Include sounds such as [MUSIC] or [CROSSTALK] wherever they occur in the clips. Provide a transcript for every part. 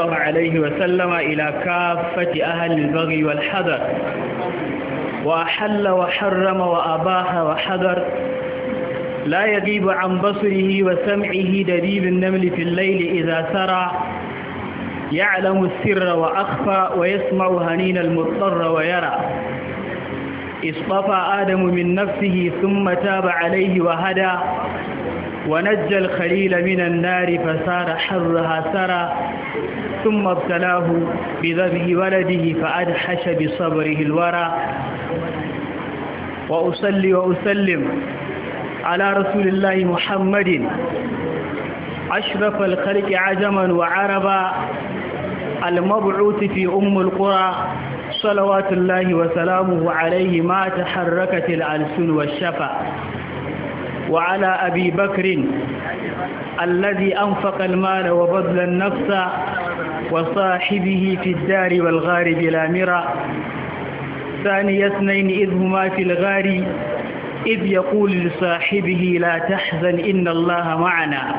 الله عليه وسلم إلى كافة أهل البغي والحذر وأحل وحرم وأباح وحذر لا يغيب عن بصره وسمعه دبيب النمل في الليل إذا سرى يعلم السر وأخفى ويسمع هنين المضطر ويرى اصطفى آدم من نفسه ثم تاب عليه وهدى ونجى الخليل من النار فصار حرها سرى ثم ابتلاه بذبه ولده فأدحش بصبره الورى وأصلي وأسلم على رسول الله محمد أشرف الخلق عجما وعربا المبعوث في أم القرى صلوات الله وسلامه عليه ما تحركت الألسن والشفا وعلى أبي بكر الذي أنفق المال وبذل النفس وصاحبه في الدار والغار بلا مرى ثاني اثنين إذ هما في الغار إذ يقول لصاحبه لا تحزن إن الله معنا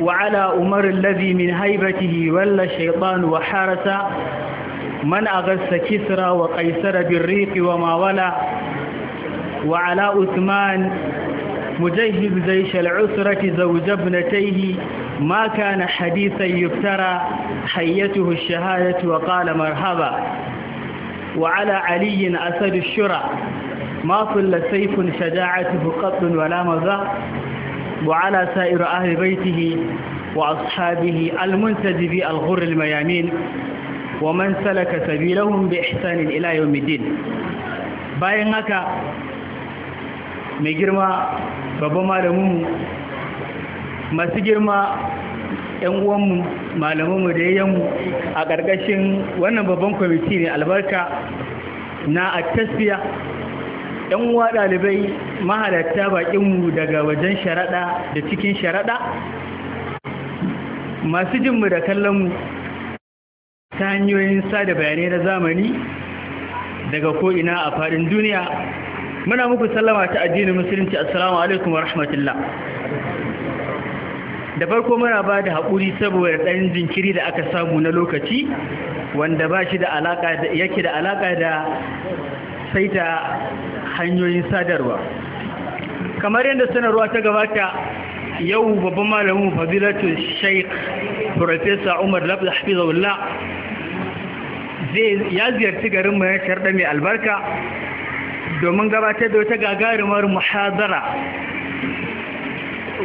وعلى أمر الذي من هيبته ولى الشيطان وحارس من أغس كسرى وقيسر بالريق وما ولا وعلى أثمان مجهز جيش العسرة زوج ابنتيه ما كان حديثا يفترى حيته الشهادة وقال مرحبا وعلى علي أسد الشرى ما طل سيف شجاعته قط ولا مزا وعلى سائر أهل بيته وأصحابه المنتدب الغر الميامين ومن سلك سبيلهم بإحسان إلى يوم الدين باينك هكا babban malaminmu masu girma yan uwanmu malamanmu da yayyanmu a ƙarƙashin wannan babban kwamiti ne albarka na attasiya yan uwa ɗalibai mahalatta baƙinmu daga wajen sharaɗa da cikin sharaɗa masu jinmu da kallon kallonmu ta hanyoyin sada bayanai na zamani daga ko'ina a faɗin duniya muna muku sallama ta addinin musulunci assalamu alaikum wa rahmatullah da farko muna ba da haƙuri saboda ɗan jinkiri da aka samu na lokaci wanda ba shi da alaƙa yake da alaƙa da saita hanyoyin sadarwa kamar yadda sanarwa ta gabata yau babban malamin fadilatu sheikh professor umar labda hafizullah zai ya ziyarci garin mai sharɗa mai albarka domin gabatar da wata gagarumar muhazara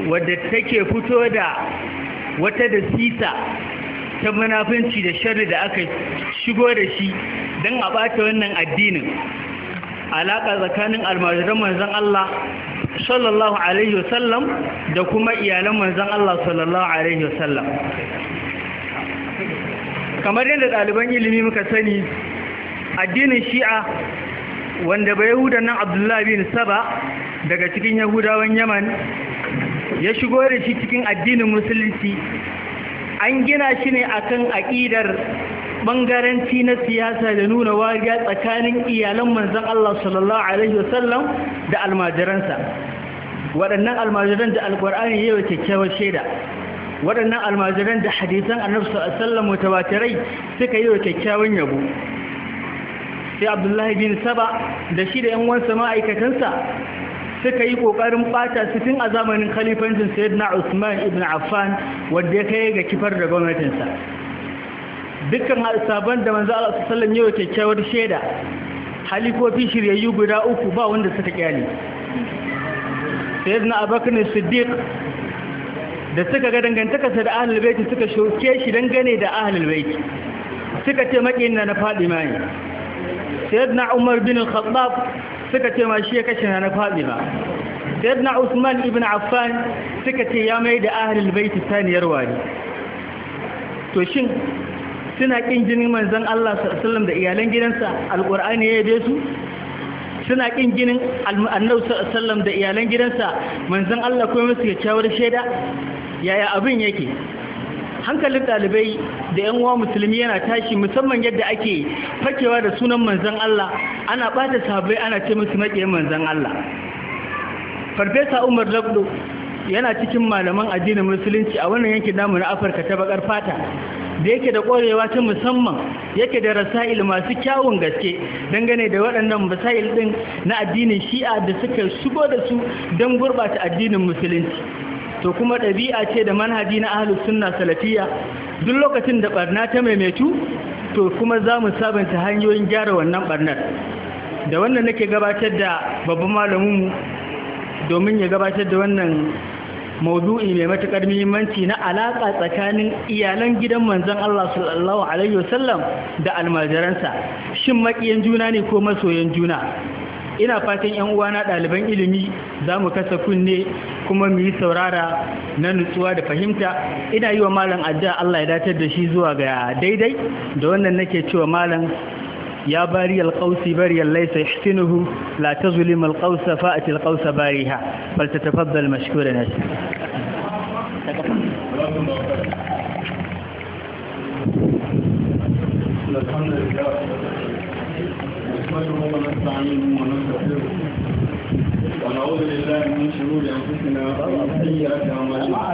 wadda take fito da wata da sita ta munafinci da sharri da aka shigo da shi don a bata wannan addinin alaƙa tsakanin almajiran manzan Allah sallallahu alaihi wasallam da kuma iyalan manzan Allah sallallahu alaihi wasallam kamar yadda ɗaliban ilimi muka sani addinin shi'a wanda bai huda nan abdullahi bin saba daga cikin yahudawan yaman ya shigo da shi cikin addinin musulunci an gina shi ne akan aƙidar ɓangaranci na siyasa da nuna wariya tsakanin iyalan manzan Allah sallallahu Alaihi wasallam da almajiransa waɗannan almajiran da alƙwar'ani ya yi kyakkyawar shaida waɗannan almajiran da hadisan annabta a sallan mutawatirai suka yi wa kyakkyawan yabo sai abdullahi bin saba da shi da 'yanwansa ma'aikatansa suka yi ƙoƙarin ɓata su a zamanin khalifancin sayyidina usman ibn affan wadda ya kai ga kifar da gwamnatinsa dukkan sabon da manzo Allah sallallahu alaihi kyakkyawar shaida halifofi shiryayyu guda uku ba wanda suka kyale sayyidina siddiq da suka ga dangantakarsa da ahlul bait suka shoke shi dangane da ahlul bait suka ce makiyin na Fadima ne sayyidina umar bin al-khattab suka ce ma shi ya kashe na ba. sayyidina usman ibn affan suka ce ya mai da ahli bait saniyar wani to shin suna kin jinin manzon Allah sallallahu alaihi wasallam da iyalan gidansa alqur'ani ya yabe su suna ƙin ginin annabi sallam da iyalan gidansa manzon Allah kuma musu kyakkyawar shaida yaya abin yake hankalin ɗalibai da yan uwa musulmi yana tashi musamman yadda ake fakewa da sunan manzon Allah ana bata sahabbai ana ce musu maƙiyan manzon Allah farfesa Umar Labdo yana cikin malaman addinin musulunci a wannan yankin namu na Afirka ta bakar fata da yake da ƙwarewa ta musamman yake da rasail masu kyawun gaske dangane da waɗannan rasail ɗin na addinin shi'a da suka shigo da su don gurɓata addinin musulunci to kuma ɗabi'a ce da manhaji na ahalus sunna salafiya duk lokacin da ɓarna ta maimaitu to kuma za mu sabanta hanyoyin gyara wannan barnar da wannan nake gabatar da babban malaminmu domin ya gabatar da wannan maudu'i mai matuƙar muhimmanci na alaƙa tsakanin iyalan gidan manzon Allah sallallahu alaihi wasallam da almajiransa shin maƙiyan juna ne ko masoyan juna ina fatan yan uwana ɗaliban ilimi za mu kasa kunne kuma mu yi saurara na nutsuwa da fahimta ina yi wa malam addu'a Allah ya datar da shi zuwa ga daidai da wannan nake cewa malam ya bari alƙausi bari laisa ihsinuhu la tazlim alqausa fa'ati alqausa bariha fal tatafaddal mashkuran الحمد لله نحمده ونستعينه ونستغفره ونعوذ بالله من شرور انفسنا ومن سيئات اعمالنا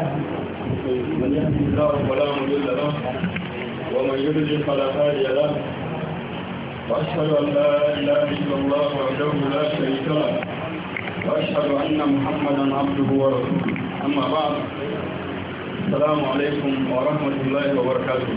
من يهده الله فلا مضل له ومن يضلل فلا هادي له واشهد ان لا اله الا الله وحده لا شريك له واشهد ان محمدا عبده ورسوله اما بعد السلام عليكم ورحمه الله وبركاته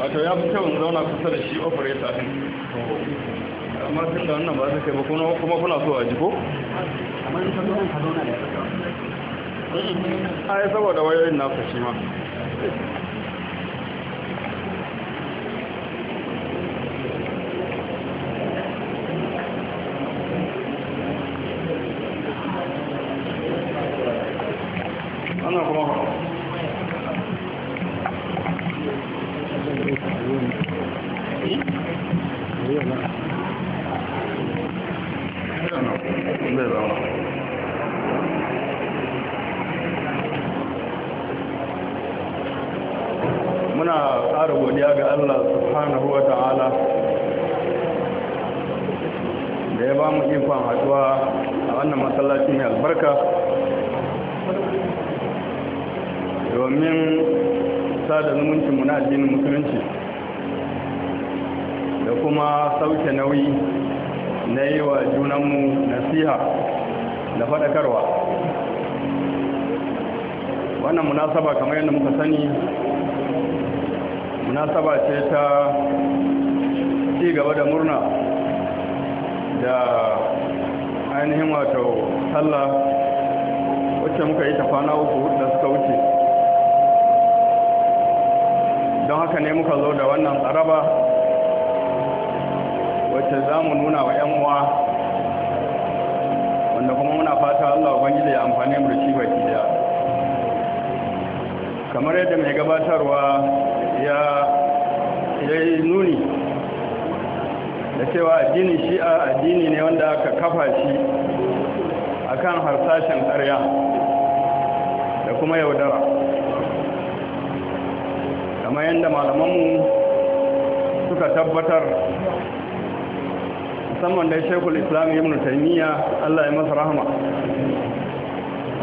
wato ya fi kyau zauna kusa da shi operator din amma sun da wannan ba su kai ba kuma kuna so a jiko? amma in ka zo ka zauna da ya fi kyau a yi saboda wayoyin na fashi ma da mai gabatarwa ya yi nuni da cewa addini shi'a addini ne wanda aka kafa shi akan harsashen ƙarya da kuma yaudara kamar yadda malamanmu suka tabbatar musamman da shekul islam ibn taimiyya allah ya masa rahama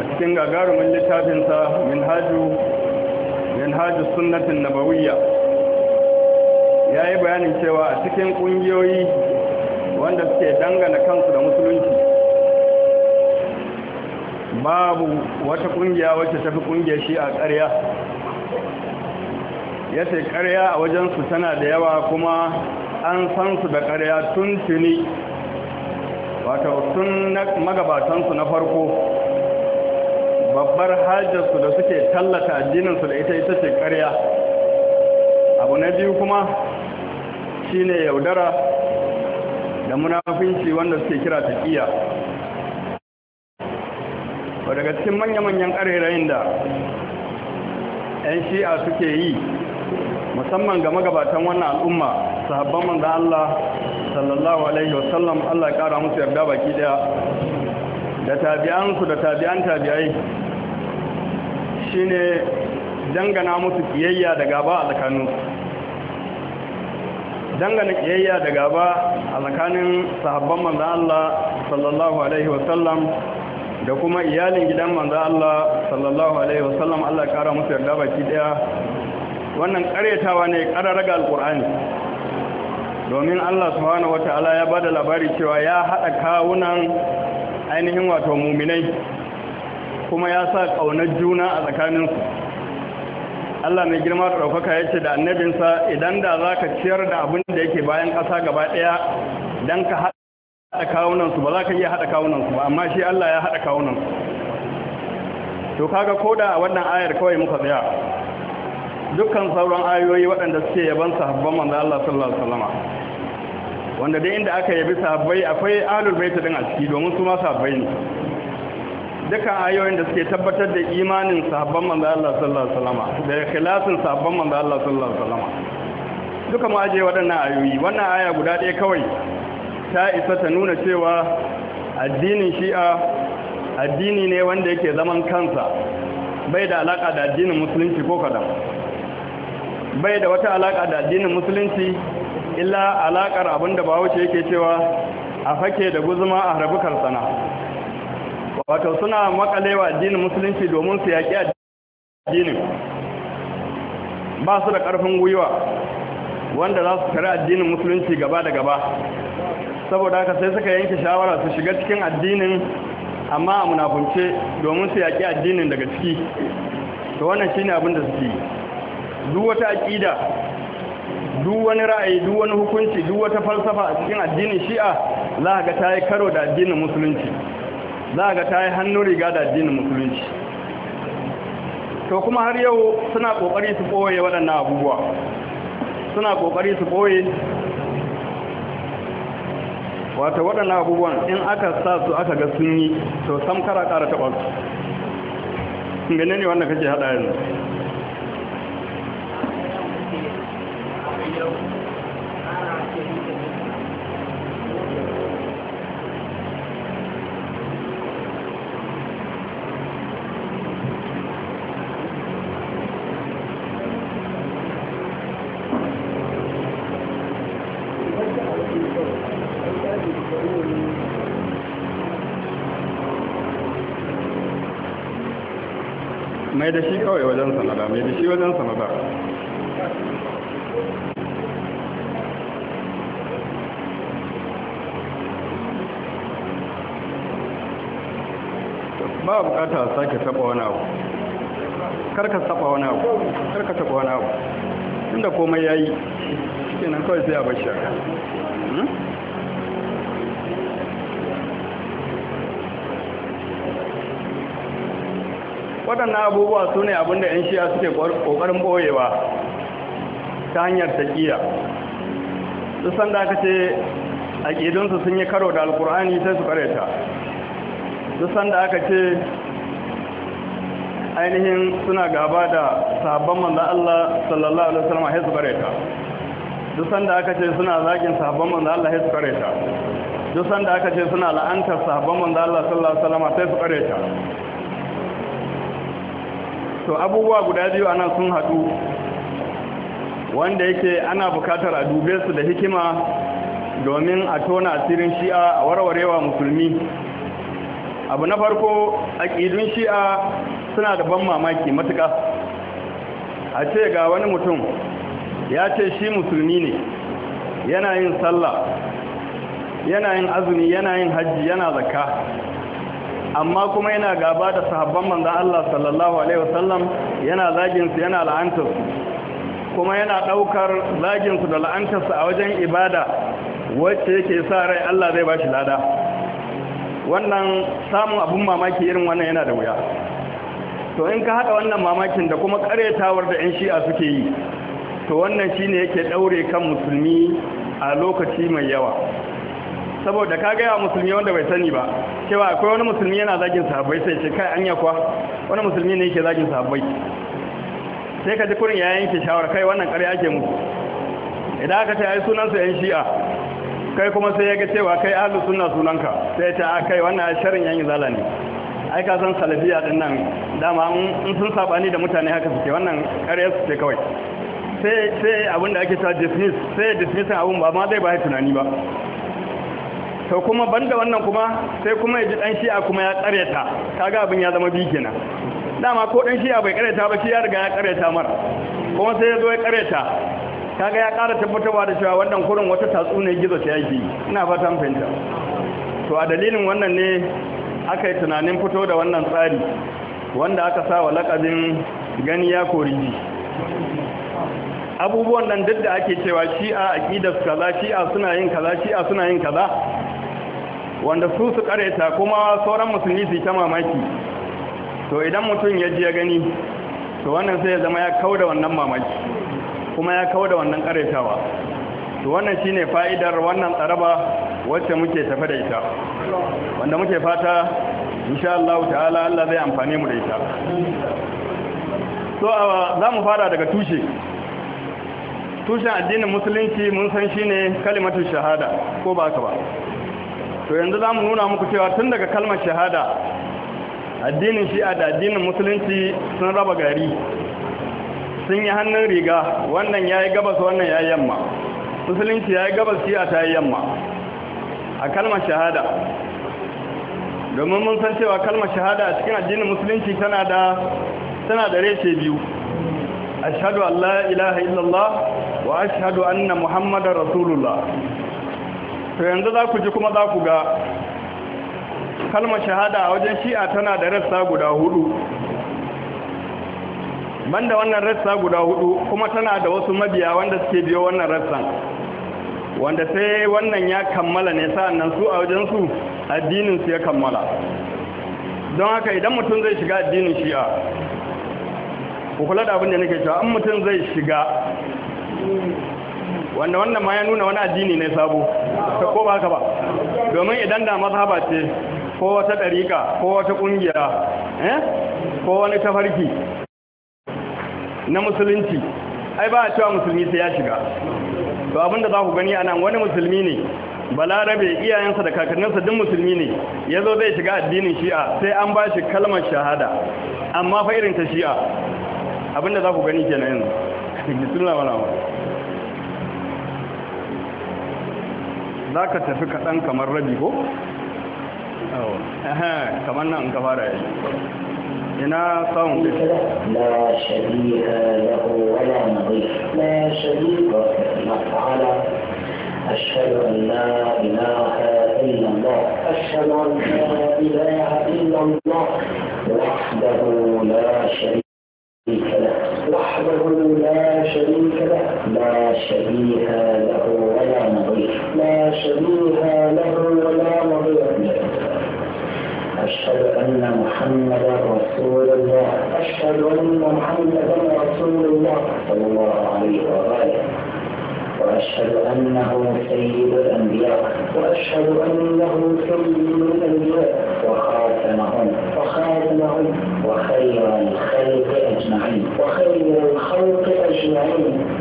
a cikin gagarumin littafinsa min haju minhajus sunnatin nabawiyya yayi bayanin cewa a cikin kungiyoyi wanda suke dangana kansu da musulunci babu wata kungiya wacce tafi kungiyar shi a ƙarya ya ce ƙarya a wajensu tana da yawa kuma an san su da ƙarya tun tuni wato tun magabatansu na farko babbar hajjarsu da suke tallata addininsu da ita ita ce ƙarya abu na biyu kuma shine yaudara da munafinci wanda suke kira taƙiya ba daga cikin manya-manyan ƙarerayin da 'yan shi'a suke yi musamman ga magabatan wannan al'umma sahabban manzan Allah sallallahu alaihi wasallam Allah ya ƙara musu yarda baki daya da tabi'ansu da tabi'an tabi'ai shine dangana musu kiyayya da gaba a tsakanin dangana kiyayya da gaba a tsakanin sahabban manzan Allah sallallahu alaihi wasallam da kuma iyalin gidan manzan Allah sallallahu alaihi wasallam Allah kara musu yarda baki daya wannan karyatawa ne kararraga alkur'ani domin Allah subhanahu wataala ya bada labari cewa ya hada kawunan ainihin wato muminai kuma ya sa ƙaunar juna a tsakaninsu Allah mai girma da ɗaukaka ya ce da annabinsa idan da za ka ciyar da abin da yake bayan ƙasa gaba ɗaya don ka haɗa kawunansu ba za ka iya haɗa kawunansu ba amma shi Allah ya haɗa kawunansu to kaga koda a wannan ayar kawai muka tsaya dukkan sauran ayoyi waɗanda suke yabansa sahabban manzo Allah sallallahu alaihi wasallam wanda dai inda aka yabi sahabbai akwai ahlul bait din a ciki domin su ma sahabbai ne dukkan ayoyin da suke tabbatar da imanin sahabban manzo Allah sallallahu alaihi wasallam da ikhlasin sahabban manzo Allah sallallahu alaihi wasallam duka mu aje waɗannan ayoyi wannan aya guda ɗaya kawai ta isa ta nuna cewa addinin shi'a addini ne wanda yake zaman kansa bai da alaka da addinin musulunci ko kadan bai da wata alaka da addinin musulunci illa alaƙar abinda ba wuce yake cewa a fake da guzuma a harbukar sana wato suna makalewa addinin musulunci domin su yaƙi addinin ba su da ƙarfin gwiwa wanda za su tare addinin musulunci gaba da gaba saboda haka sai suka yanke shawara su shiga cikin addinin amma a munafunce domin su yaƙi addinin daga ciki to wannan shine abin da suke duk wata aƙida duk wani ra'ayi duk wani hukunci duk wata falsafa a cikin addinin shi'a za ka ga ta yi karo da addinin musulunci za ka ga ta yi hannu riga da addinin musulunci to kuma har yau suna kokari su ɓoye waɗannan abubuwa suna kokari su ɓoye wata waɗannan abubuwan in aka sa su aka ga sun yi to sam kara ƙara taɓa su ne wanda kake haɗa yanzu mai da shi kawai wajen sanada mai da shi wajen sanada ba bukata a sake taba wani abu karka taba wani abu karka taba wani abu inda komai ya yi shi nan kawai sai a bashi aka hmm? waɗannan abubuwa su ne abinda 'yan shiya suke ƙoƙarin ɓoyewa ta hanyar taƙiya su sanda aka ce aƙidunsu sun yi karo da alkur'ani sai su ƙareta duk sanda aka ce ainihin suna gaba da sahabban manzo Allah sallallahu alaihi wasallam haizu bareta duk sanda aka ce suna zagin sahabban manzo Allah haizu bareta duk sanda aka ce suna la'antar sahabban manzo Allah sallallahu alaihi wasallam sai su bareta to abubuwa guda biyu anan sun haɗu wanda yake ana bukatar a dube su da hikima domin a tona asirin shi'a a warwarewa musulmi abu na farko aƙidun shi'a suna da ban mamaki matuka. a ce ga wani mutum ya ce shi musulmi ne yana yin sallah yana yin azumi yana yin hajji yana zakka amma kuma yana gaba da sahabban manzan Allah sallallahu alaihi wasallam yana zaginsu yana la'antarsu kuma yana ɗaukar zaginsu da la'antarsu a wajen ibada wacce yake sa rai Allah zai ba shi lada wannan samun abun mamaki irin wannan yana da wuya to in ka haɗa wannan mamakin da kuma ƙaretawar da 'yan shi'a suke yi to wannan shi ne yake ɗaure kan musulmi a lokaci mai yawa saboda ka gaya musulmi wanda bai sani ba cewa akwai wani musulmi yana zagin sahabbai sai ce kai anya kwa wani musulmi ne yake zagin sahabbai sai ka ji kurin ya yanke shawara kai wannan ƙarya ake musu idan aka ta yi sunan su yan shi'a kai kuma sai ya ga cewa kai ahlus sunna sunanka sai ta a ah, kai wannan sharrin yan izala ne ai ka san salafiya din nan dama in sun sabani da mutane haka suke wannan ƙarya su ce kawai sai sai abin da ake cewa dismiss sai dismiss abun ba ma zai ba tunani ba to kuma banda wannan kuma sai kuma ya ji dan shi'a kuma ya ƙaryata kaga abin ya zama bi kenan dama ko dan shi'a bai ƙaryata ba shi ya riga ya ƙaryata mar kuma sai ya zo ya ƙaryata kaga ya ƙara tabbatarwa da cewa wannan kurin wata tatsuniyar gizo ta yaki ina fatan fahimta to a dalilin wannan ne aka yi tunanin fito da wannan tsari wanda aka sa wa lakabin gani ya koriji abubuwan nan duk da ake cewa shi'a ƙidas kaza shi'a suna yin kaza shi'a suna yin kaza wanda su su kareta kuma sauran musulmi su ta mamaki to idan mutum ya ji ya gani to wannan sai ya zama ya kauda wannan mamaki kuma ya kawo da wannan karetawa to wannan shine fa'idar wannan tsaraba wacce muke tafe da ita wanda muke fata insha Allah ta'ala Allah zai amfane mu da ita so za mu fara daga tushe tushen addinin musulunci mun san shine kalimatu shahada ko ba ka ba to yanzu za mu nuna muku cewa tun daga kalmar shahada addinin shi'a da addinin musulunci sun raba gari sun yi hannun riga wannan ya yi gabas wannan ya yi yamma musulunci ya yi gabas siya ta yi yamma a kalmar shahada domin mun san cewa kalmar shahada a cikin addinin musulunci tana da tana da reshe biyu ashadu allah la ilaha illallah wa ashhadu anna muhammadar rasulullah to yanzu za ku ji kuma za ku ga kalmar shahada a wajen shi'a tana da rassa guda hudu banda wannan rassa guda hudu kuma tana da wasu mabiya wanda suke biyo wannan rassan wanda sai wannan ya kammala ne sa'annan su a wajen addinin addininsu ya kammala don haka idan mutum zai shiga addinin shi'a ku kula da abin da nake cewa an mutum zai shiga wanda wannan ma ya nuna wani addini ne sabo ta ko ba haka ba domin idan da mazhaba ce ko wata ɗariƙa ko wata ƙungiya eh, ko wani tafarki na musulunci ai ba a cewa musulmi sai ya shiga to abin da za ku gani a nan wani musulmi ne balarabe iyayensa da kakanninsa duk musulmi ne ya zo zai shiga addinin shi'a sai an ba shi kalmar shahada amma fa irin ta shi'a Abin da za ku gani kenan yanzu [LAUGHS] bismillah wala wala za ka tafi kaɗan kamar rabi ko? [LAUGHS] kamar nan in ka fara yi ina sawun لا la له ولا نظيف لا nadhir la sharika أشهد أن لا إله إلا الله أشهد أن لا إله إلا الله وحده لا شريك له وحده لا شريك له لا شبيه له ولا نظير لا شبيه له ولا نظير أشهد أن محمدا رسول الله أشهد أن محمدا رسول الله صلى الله عليه وآله وأشهد أنه سيد الأنبياء وأشهد أنه سيد الأنبياء وخاتمهم وخاتمهم وخير الخلق أجمعين وخير الخلق أجمعين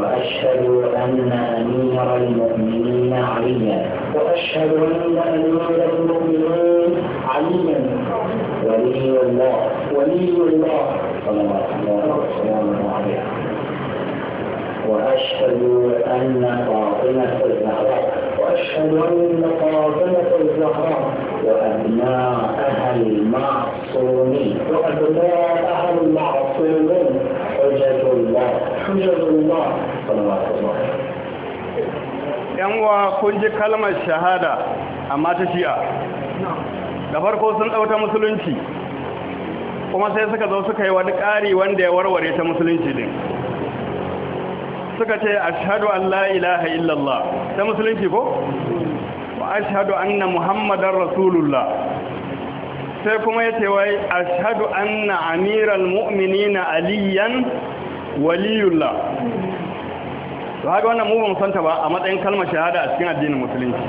وأشهد أن أمير المؤمنين عليا وأشهد أن أمير المؤمنين عليا ولي الله ولي الله صلى الله عليه وسلم وأشهد أن فاطمة الزهراء وأشهد أن فاطمة الزهراء أهل المعصومين أهل المعصومين rasulullah yan uwa kun ji kalmar shahada a ta shi'a da farko sun ɗauta musulunci kuma sai suka zo suka yi wani ƙari wanda ya warware ta musulunci din suka ce ashhadu an la ilaha illallah ta musulunci ko wa ashhadu anna muhammadar rasulullah sai kuma ya yace wai ashhadu anna amiral na aliyan waliyullah ba haka wannan mu ba mu santa ba a matsayin kalmar shahada a cikin addinin musulunci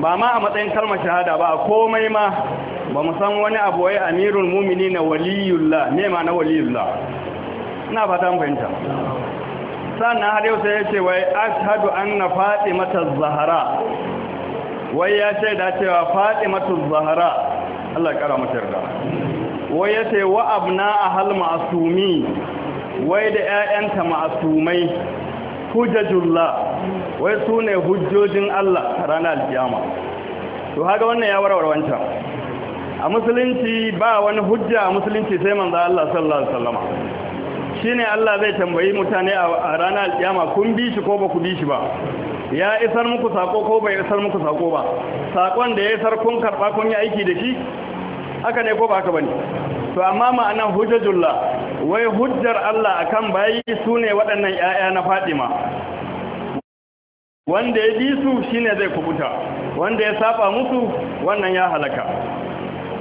ba ma a matsayin kalmar shahada ba a komai ma ba mu san wani abu wai amirul mumini na waliyullah ne ma na waliyullah ina fata mu fahimta sannan har yau sai ya ce wai ashhadu anna fatimata zahara wai ya ce da cewa fatimatu zahara Allah ya kara mata yarda wai ya ce wa abna ahal ma'sumi wai da 'ya'yanta ma'asumai hujjajullah wai su ne hujjojin Allah ranar alkiyama to haka wannan ya warware wancan a musulunci ba wani hujja a musulunci sai manzo Allah sallallahu alaihi Shi shine Allah zai tambayi mutane a ranar alkiyama kun bi shi ko ba ku bi shi ba ya isar muku sako ko bai isar muku sako ba sakon da ya isar kun karba kun yi aiki da shi haka ne ko ba haka bane to amma ma'anan hujjajullah wai hujjar Allah a kan bayi su ne waɗannan 'ya'ya na Fadima? wanda ya bi su shine zai kubuta wanda ya saba musu wannan ya halaka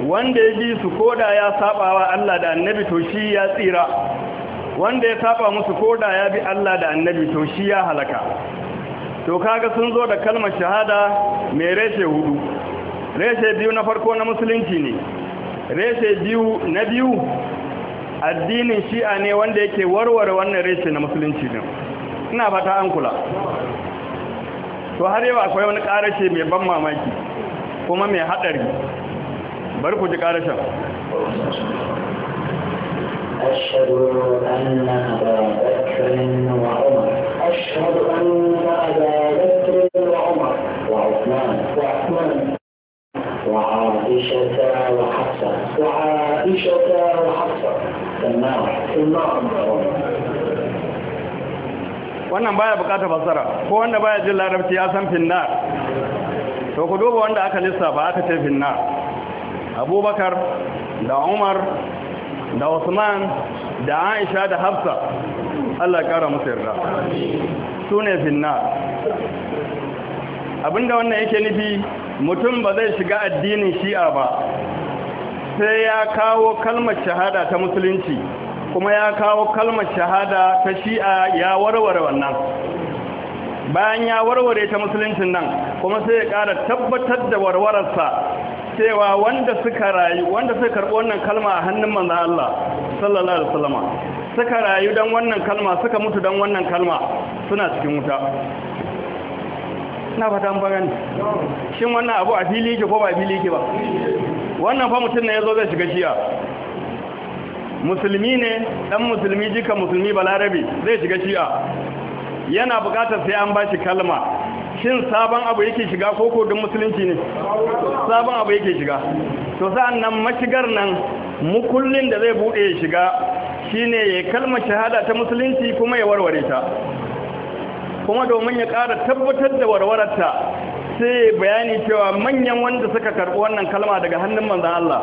wanda ya bi su koda ya saba wa Allah da annabi to shi ya tsira wanda ya saba musu koda ya bi Allah da annabi to shi ya halaka to kaga sun zo da kalmar shahada mai reshe hudu reshe biyu na farko na musulunci ne reshe biyu na biyu addinin shi'a ne wanda yake warware wannan reshe na musulunci ne ina fata an kula to har yau akwai wani ƙarashe mai ban mamaki kuma mai haɗari bari ku ji ƙarashen أشهد أن أبا بكر وعمر أشهد أن أبا بكر وعمر وعائشة وحفصة وعائشة وحفصة سماعة سماعة wannan baya bukatar fasara ko wanda baya jin larabci ya san finna. to ku duba wanda aka lissafa aka ce finna. abubakar da umar da usman da aisha da hafsa allah kara musu yarda su ne abinda wannan yake nufi mutum ba zai shiga addinin shi'a ba sai ya kawo kalmar shahada ta musulunci kuma ya kawo kalmar shahada ta shi'a ya warware wannan bayan ya warware ta musuluncin nan kuma sai ya ƙara tabbatar da warwararsa cewa wanda suka rayu wanda suka karɓi wannan kalma a hannun manzon Allah sallallahu alaihi wasallam suka rayu dan wannan kalma suka mutu dan wannan kalma suna cikin wuta na fata an bagani shin wannan abu a fili yake ko ba fili yake ba wannan fa mutum ne ya zo zai shiga shiya musulmi ne dan musulmi jika musulmi Balarabi, zai shiga shiya yana bukatar sai an bashi kalma shin sabon abu yake shiga ko kodin musulunci ne sabon abu yake shiga to sa'an nan mashigar nan mukullin da zai bude ya shiga shine ya kalmar shahada ta musulunci kuma ya warware ta kuma domin ya ƙara tabbatar da warwararta sai bayani cewa manyan wanda suka karɓi wannan kalma daga hannun manzan Allah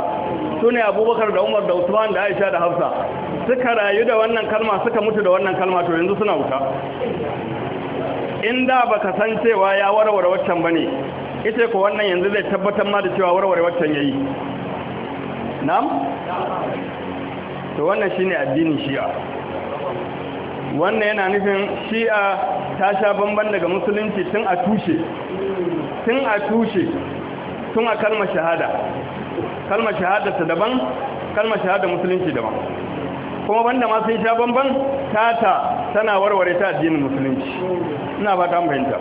su ne abubakar da umar da usman da aisha da hafsa suka rayu da wannan kalma suka mutu da wannan kalma to yanzu suna wuta in da ka san cewa ya warware waccan ba ne, ita ko wannan yanzu zai tabbatar ma da cewa warware waccan ya yi. na'am to wannan shine addinin shi'a wannan yana nufin shi'a ta sha bamban daga musulunci tun a tushe tun a tushe tun a kalmar shahada kalmar ta daban kalmar shahada musulunci daban kuma banda ma sun sha bamban tata tana warware ta addinin musulunci ina fata fahimta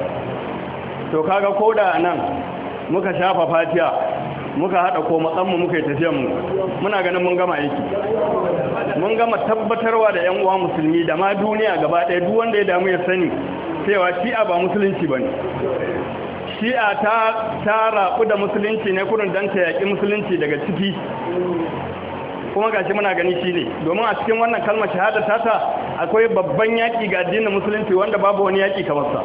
to kaga koda nan muka shafa fatiya muka haɗa ko matsanmu muka yi tafiya mu muna ganin mun gama aiki mun gama tabbatarwa da yan uwa musulmi da ma duniya gaba ɗaya duk wanda ya damu ya sani cewa shi'a ba musulunci ba ne shi'a ta ta ku da musulunci ne kurin don ta yaƙi musulunci daga ciki kuma gashi muna gani shi ne domin a cikin wannan kalmar shahada tasa akwai babban yaki ga addinin musulunci wanda babu wani yaki kamar sa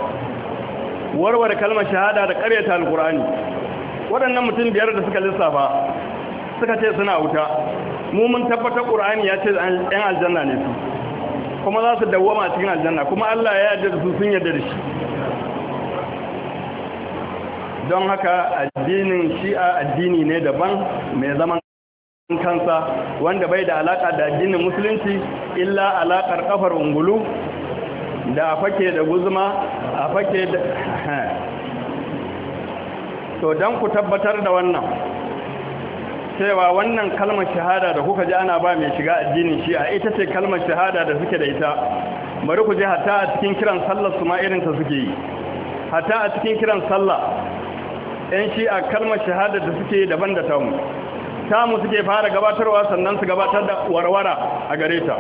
warware kalmar shahada da ƙaryata alƙur'ani waɗannan mutum biyar da suka lissafa suka ce suna wuta mu mun tabbatar ƙura'ani ya ce ɗan aljanna ne su kuma za su dawwama cikin aljanna kuma Allah ya yarda da su sun yarda da shi don haka addinin shi'a addini ne daban mai zaman kansa wanda bai da alaƙa da addinin musulunci illa alaƙar kafar ungulu da a fake da guzuma a fake da [LAUGHS] to don ku tabbatar da wannan cewa wannan kalmar shahada da kuka ji ana ba mai shiga addinin shi a ita ce kalmar shahada da suke da ita bari ku je hatta a cikin kiran sallar su ma irin ta suke yi hatta a cikin kiran sallah yan shi a kalmar shahada da suke daban da tamu tamu suke fara gabatarwa sannan su gabatar da warwara a gare ta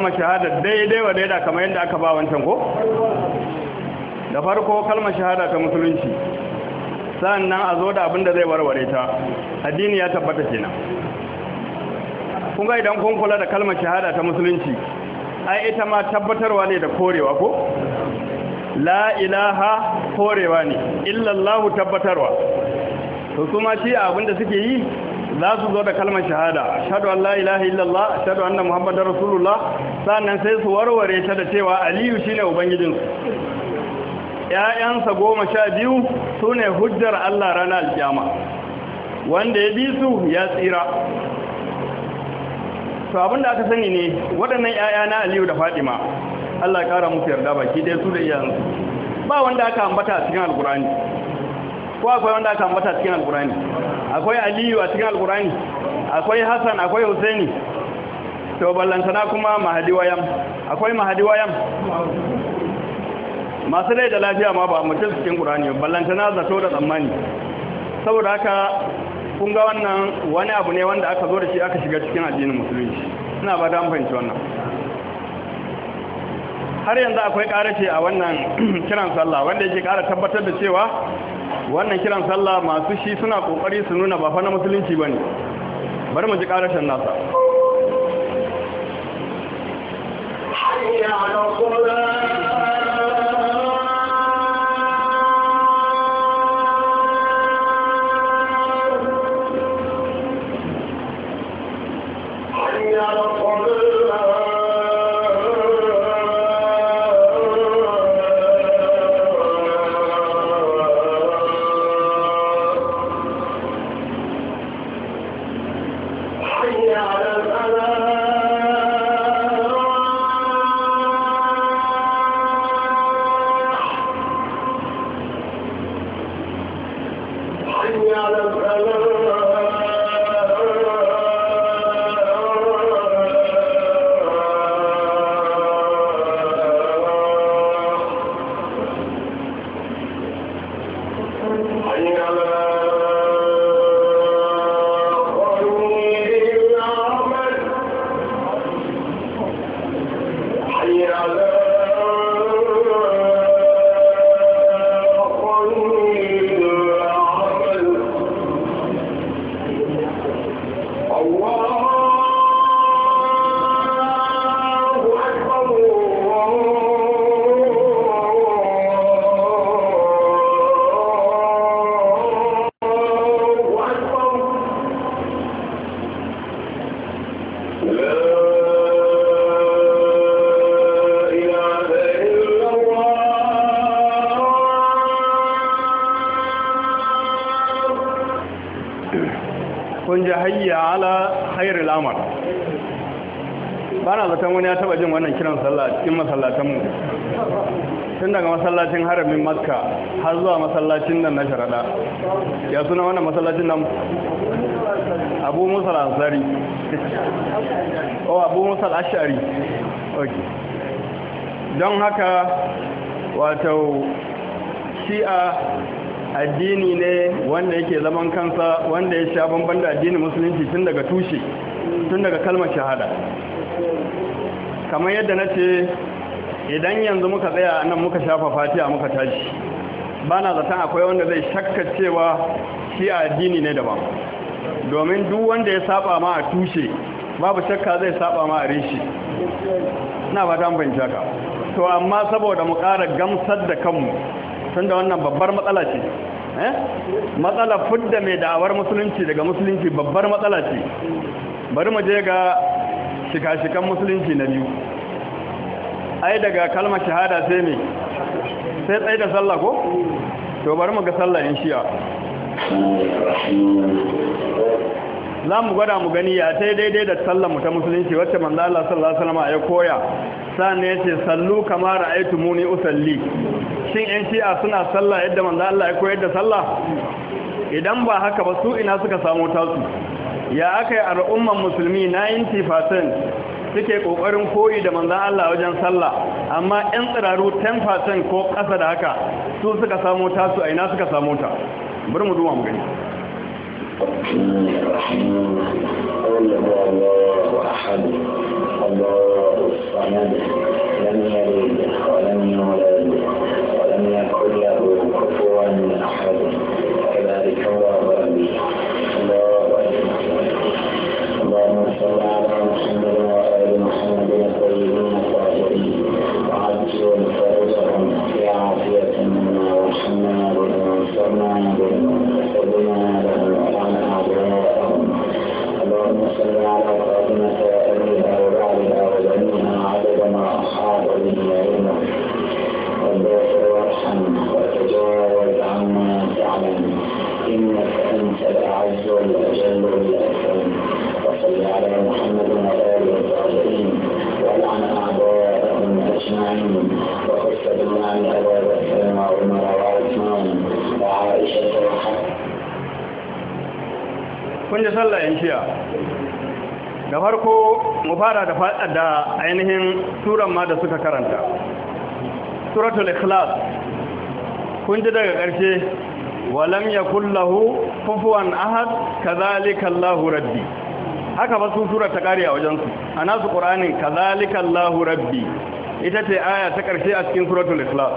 kalmar shahada daidai wa daida kamar yadda aka ba wancan ko da farko kalmar shahada ta musulunci sannan a zo da abin da zai warware ta addini ya tabbata kenan kun ga idan kun kula da kalmar shahada ta musulunci ai ita ma tabbatarwa ne da korewa ko la ilaha korewa ne illallahu tabbatarwa to kuma shi abin da suke yi za su zo da kalmar shahada shahadu an la ilaha illallah an anna muhammadar rasulullah sannan sai su warware ta da cewa aliyu shi ne ubangijinsu ‘ya'yansa goma sha biyu su ne hujjar Allah rana alkyama wanda ya bi su ya tsira to da aka sani ne waɗannan ‘ya'ya na aliyu da fadima Allah ƙara musu yarda baki dai su da iyayensu ba wanda aka ambata a cikin alkurani ko akwai wanda aka ambata a cikin alkurani akwai aliyu a cikin alkurani akwai hassan akwai husaini to ballantana kuma mahadi wayan akwai mahadi wayan masu rai da lafiya ma ba mutum cikin ƙurani ballantana zato da tsammani saboda haka kun ga wannan wani abu ne wanda aka zo da shi aka shiga cikin addinin musulunci suna ba dan fahimci wannan har yanzu akwai ƙarace a wannan [CLEARS THROAT] kiran sallah wanda yake ƙara tabbatar da cewa wannan kiran sallah masu shi suna ƙoƙari su nuna ba fa na musulunci ba ne bari mu ji ƙarashen nasa عليها نصرا kun ji hayya ala khairul Lamar? bana zaton wani ya taba jin wannan kiran sallah cikin masallatan mu tun daga masallacin haramin makka har zuwa masallacin nan na sharada ya suna wannan masallacin nan abu musa al-ansari o oh, abu musa al-ashari don haka wato shi'a addini ne wanda yake zaman kansa wanda ya sha bamban da addinin musulunci tun daga tushe tun daga kalmar shahada kamar yadda na ce idan yanzu muka tsaya nan muka shafa fatiha muka tashi ba na zaton akwai wanda zai shakka cewa shi addini ne daban domin duk wanda ya saba ma a tushe babu shakka zai saba ma a reshe na fata fahimta ka to amma saboda mu ƙara gamsar da kanmu tunda wannan babbar matsala ce eh? matsala fudda mai da'awar musulunci daga musulunci babbar matsala ce bari mu je ga shika-shikan musulunci na biyu ai daga kalmar shahada sai me sai tsaye da sallah ko to bari mu ga sallah in shiya. za mu gwada mu gani ya ta daidai da sallar mu ta musulunci wacce manzo Allah sallallahu alaihi wasallam ya koya ne ce sallu yi tumuni usalli shin yan shi'a suna sallah yadda manzan Allah ya koyar da sallah idan ba haka ba su ina suka samu tasu ya aka yi al'umman musulmi 90% suke kokarin koyi da manzan Allah wajen sallah amma yan tsiraru 10% ko ƙasa da haka su suka samu tasu a ina suka samu ta bari mu duba mu gani kun ji sallah yan shiya da farko mu fara da da ainihin suran ma da suka karanta suratul ikhlas kun ji daga ƙarshe walam yakul lahu kufuwan ahad kadhalika allah rabbi haka ba su sura ta kare a wajen su ana su qur'anin kadhalika allah rabbi ita ce aya ta ƙarshe a cikin suratul ikhlas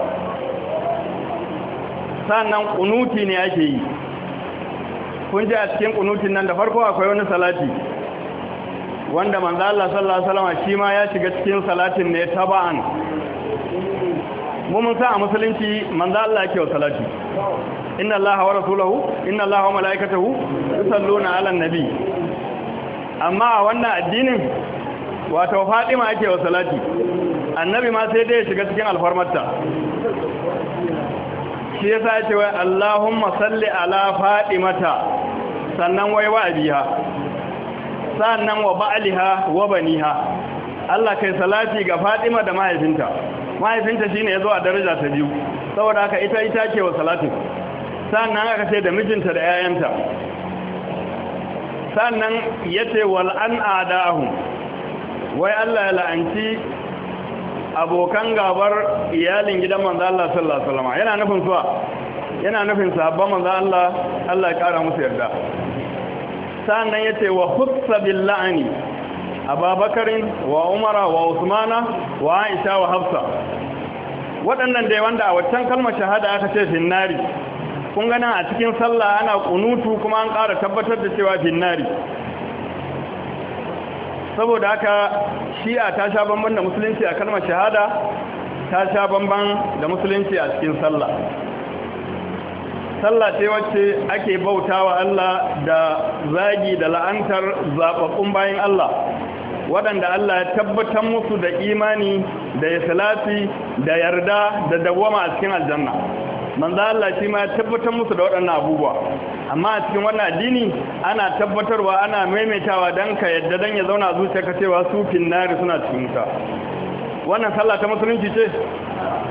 sannan kunuti ne ake yi kun ji a cikin kunutin nan da farko akwai wani salati wanda manzo Allah sallallahu alaihi wasallam shi ma ya shiga cikin salatin ne taba'an mun san a musulunci manzo Allah yake wa salati inna Allah wa rasuluhu inna Allah wa malaikatahu yusalluna ala nabi amma a wannan addinin wato Fatima ake wa salati annabi ma sai dai ya shiga cikin alfarmarta shi yasa ya ce wai Allahumma salli ala Fatimata sannan wai wa abiha sannan wa ba'liha wa baniha Allah kai salati ga Fatima da mahaifinta mahaifinta shine yazo a daraja ta biyu saboda haka ita ita ke wa salatin sannan aka ce da mijinta da 'ya'yanta sannan yace wal an adahum wai Allah ya la'anci abokan gabar iyalin gidan manzo Allah sallallahu alaihi wasallam yana nufin suwa yana nufin sahabban manzo Allah Allah ya kara musu yarda sannan ya ce wa hutsa a ababakarin wa umara wa usmana wa aisha wa hafsa waɗannan dai wanda a waccan kalmar shahada aka ce finnari kun gana a cikin sallah ana kunutu kuma an ƙara tabbatar da cewa finnari saboda haka shi'a ta sha bamban da musulunci a kalmar shahada ta sha bamban da musulunci a cikin sallah sallah ce wacce ake bauta wa Allah da zagi da la'antar zaɓaɓɓun bayan Allah waɗanda Allah ya tabbatar musu da imani da islati da yarda da dawwama a cikin aljanna manzo Allah shi ma ya tabbatar musu da waɗannan abubuwa amma a cikin wannan addini ana tabbatarwa ana maimaitawa don ka yadda don ya zauna zuciya ka cewa su finnari suna cikin wuta wannan sallah ta musulunci ce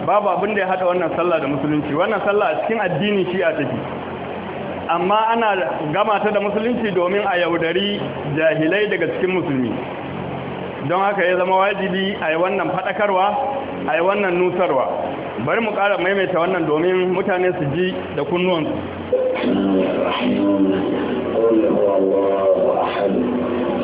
babu abin da ya hada wannan sallah da musulunci wannan sallah a cikin addini shi a take amma ana gama ta da musulunci domin a yaudari jahilai daga cikin musulmi don haka ya zama wajibi a yi wannan faɗakarwa a yi wannan nusarwa bari mu kara maimaita wannan domin mutane su ji da kunnuwansu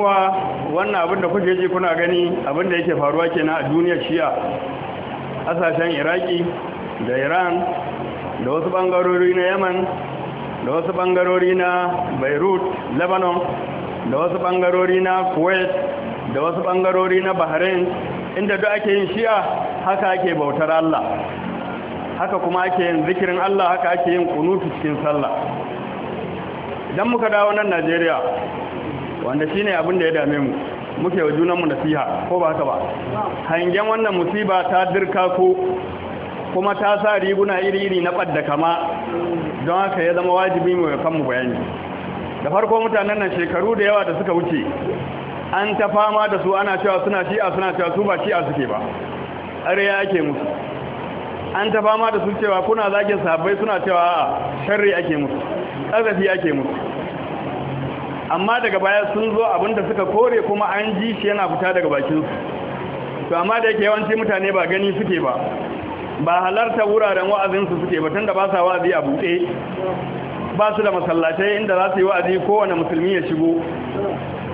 Kuwa wannan abin da kuke ji kuna gani abin da yake faruwa kenan a duniyar shiya, ƙasashen iraki da iran da wasu ɓangarori na yaman da wasu ɓangarori na beirut lebanon da wasu ɓangarori na kuwait da wasu ɓangarori na bahrain inda duk ake yin shiya, haka ake bautar allah haka kuma ake yin zikirin allah haka ake yin kunutu cikin sallah idan muka dawo nan najeriya wanda ne abin da ya dame mu muke wa junanmu nasiha ko ba haka ba hangen wannan musiba ta dirka ko kuma ta sa riguna iri-iri na ɓadda kama don haka ya zama wajibi mai kanmu bayani da farko mutanen nan shekaru da yawa da suka wuce an ta fama da su ana cewa suna shi'a suna cewa su ba shi'a suke ba ƙarya ake musu an ta fama da su cewa kuna zagin sabbai suna cewa a shari ake musu ƙazafi ake musu amma daga baya sun zo abinda suka kore kuma an ji shi yana fita daga bakinsu to amma da yake yawanci mutane ba gani suke ba ba halarta wuraren wa'azinsu suke ba tunda ba sa wa'azi a buɗe ba su da masallatai inda za su yi wa'azi kowane musulmi ya shigo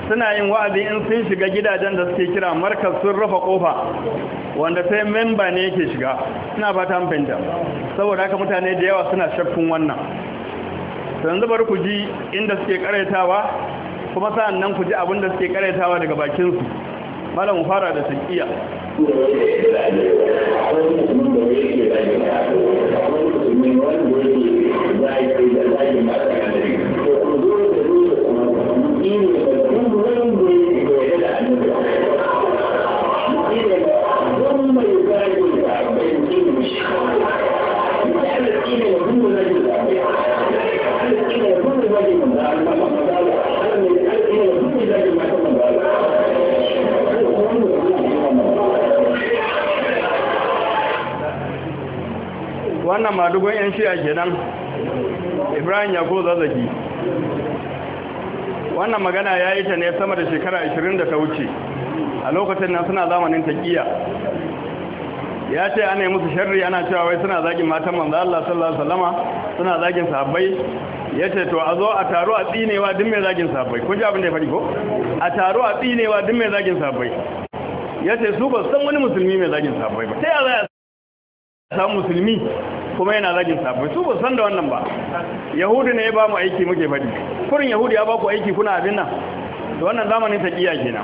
suna yin wa'azi in sun shiga gidajen da suke kira markas sun rufe kofa wanda sai memba ne yake shiga suna fata fahimta saboda haka mutane da yawa suna shakkun wannan yanzu bari ku ji inda suke karaitawa kuma sa'an nan ku ji abin da suke karaitawa daga bakin su malamu fara da sakiya Thank you. madugun yan shiya kenan ibrahim yakubu zazzaki wannan magana ya yi ta ne sama da shekara 20 da ta wuce a lokacin nan suna zamanin taƙiya ya ce ana yi musu sharri ana cewa wai suna zagin matan manzo Allah sallallahu alaihi wasallama suna zagin sahabbai ya ce to a zo a taro a tsinewa duk mai zagin sahabbai kun ji abin da ya faɗi ko a taro a tsinewa duk mai zagin sahabbai ya ce su ba san wani musulmi mai zagin sahabbai ba ta yaya san musulmi kuma yana zagin sabai su ba san da wannan ba yahudu ne ya ba mu aiki muke faɗi kurin yahudu ya ba ku aiki kuna abin nan da wannan zamanin ta kiya kenan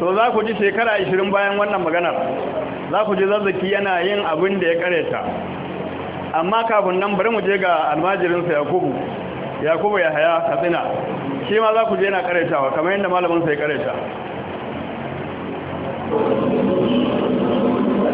to za ku ji shekara 20 bayan wannan maganar za ku ji zazzaki yana yin abin da ya kareta amma kafin nan bari mu je ga almajirinsa yakubu yakubu ya haya katsina shi ma za ku je yana karetawa kamar yadda malamin sa ya kareta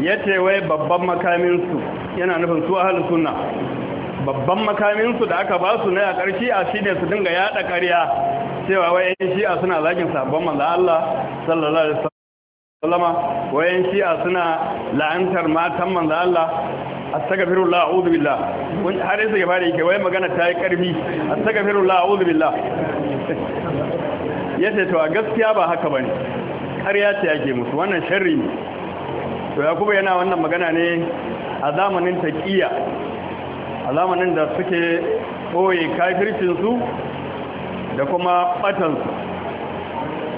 ya ce wai babban makaminsu yana nufin su ahal suna babban makaminsu da aka ba su na yakar shi'a shi ne su dinga yada karya cewa wai yan shi'a suna zagin sabon manzo Allah sallallahu alaihi wasallama wai yan shi'a suna la'antar matan manzo Allah a a'udhu billah wani har yi suke fara yake wai magana ta yi karfi astaghfirullah a'udhu billah [LAUGHS] ce to a gaskiya ba haka bane ya ce ake musu wannan sharri ne to yakubu yana wannan magana ne a zamanin taƙiya, a zamanin da suke ɓoye kafircinsu da kuma ɓatansu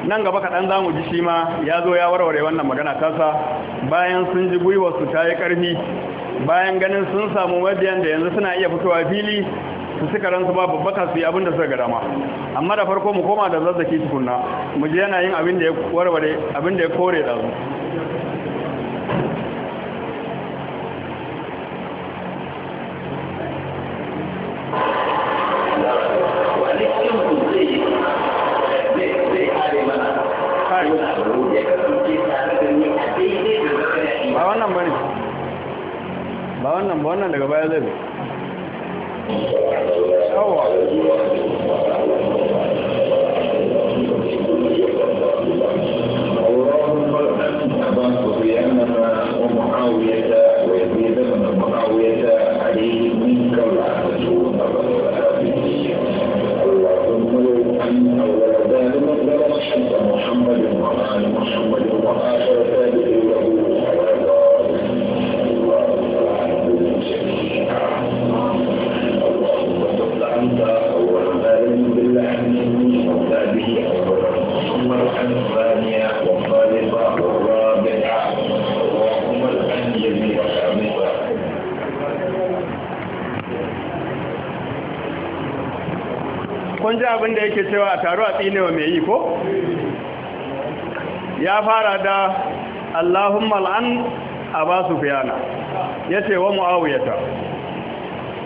nan gaba kaɗan za mu ji shi ma ya zo ya warware wannan magana kasa bayan sun ji gwiwarsu ta yi ƙarfi bayan ganin sun samu mabiyan da yanzu suna iya fitowa fili su suka ransu ba ka su yi abin da suka ga dama amma da farko mu koma da zazzaki tukunna mu ji yana yin abin ya abin da ya kore ɗazu wannan ba wannan daga baya zai ne. ake cewa a taru a tsinewa mai yi ko ya fara da allahumma al'an a ba su fiyana ya ce wa mu'awuyata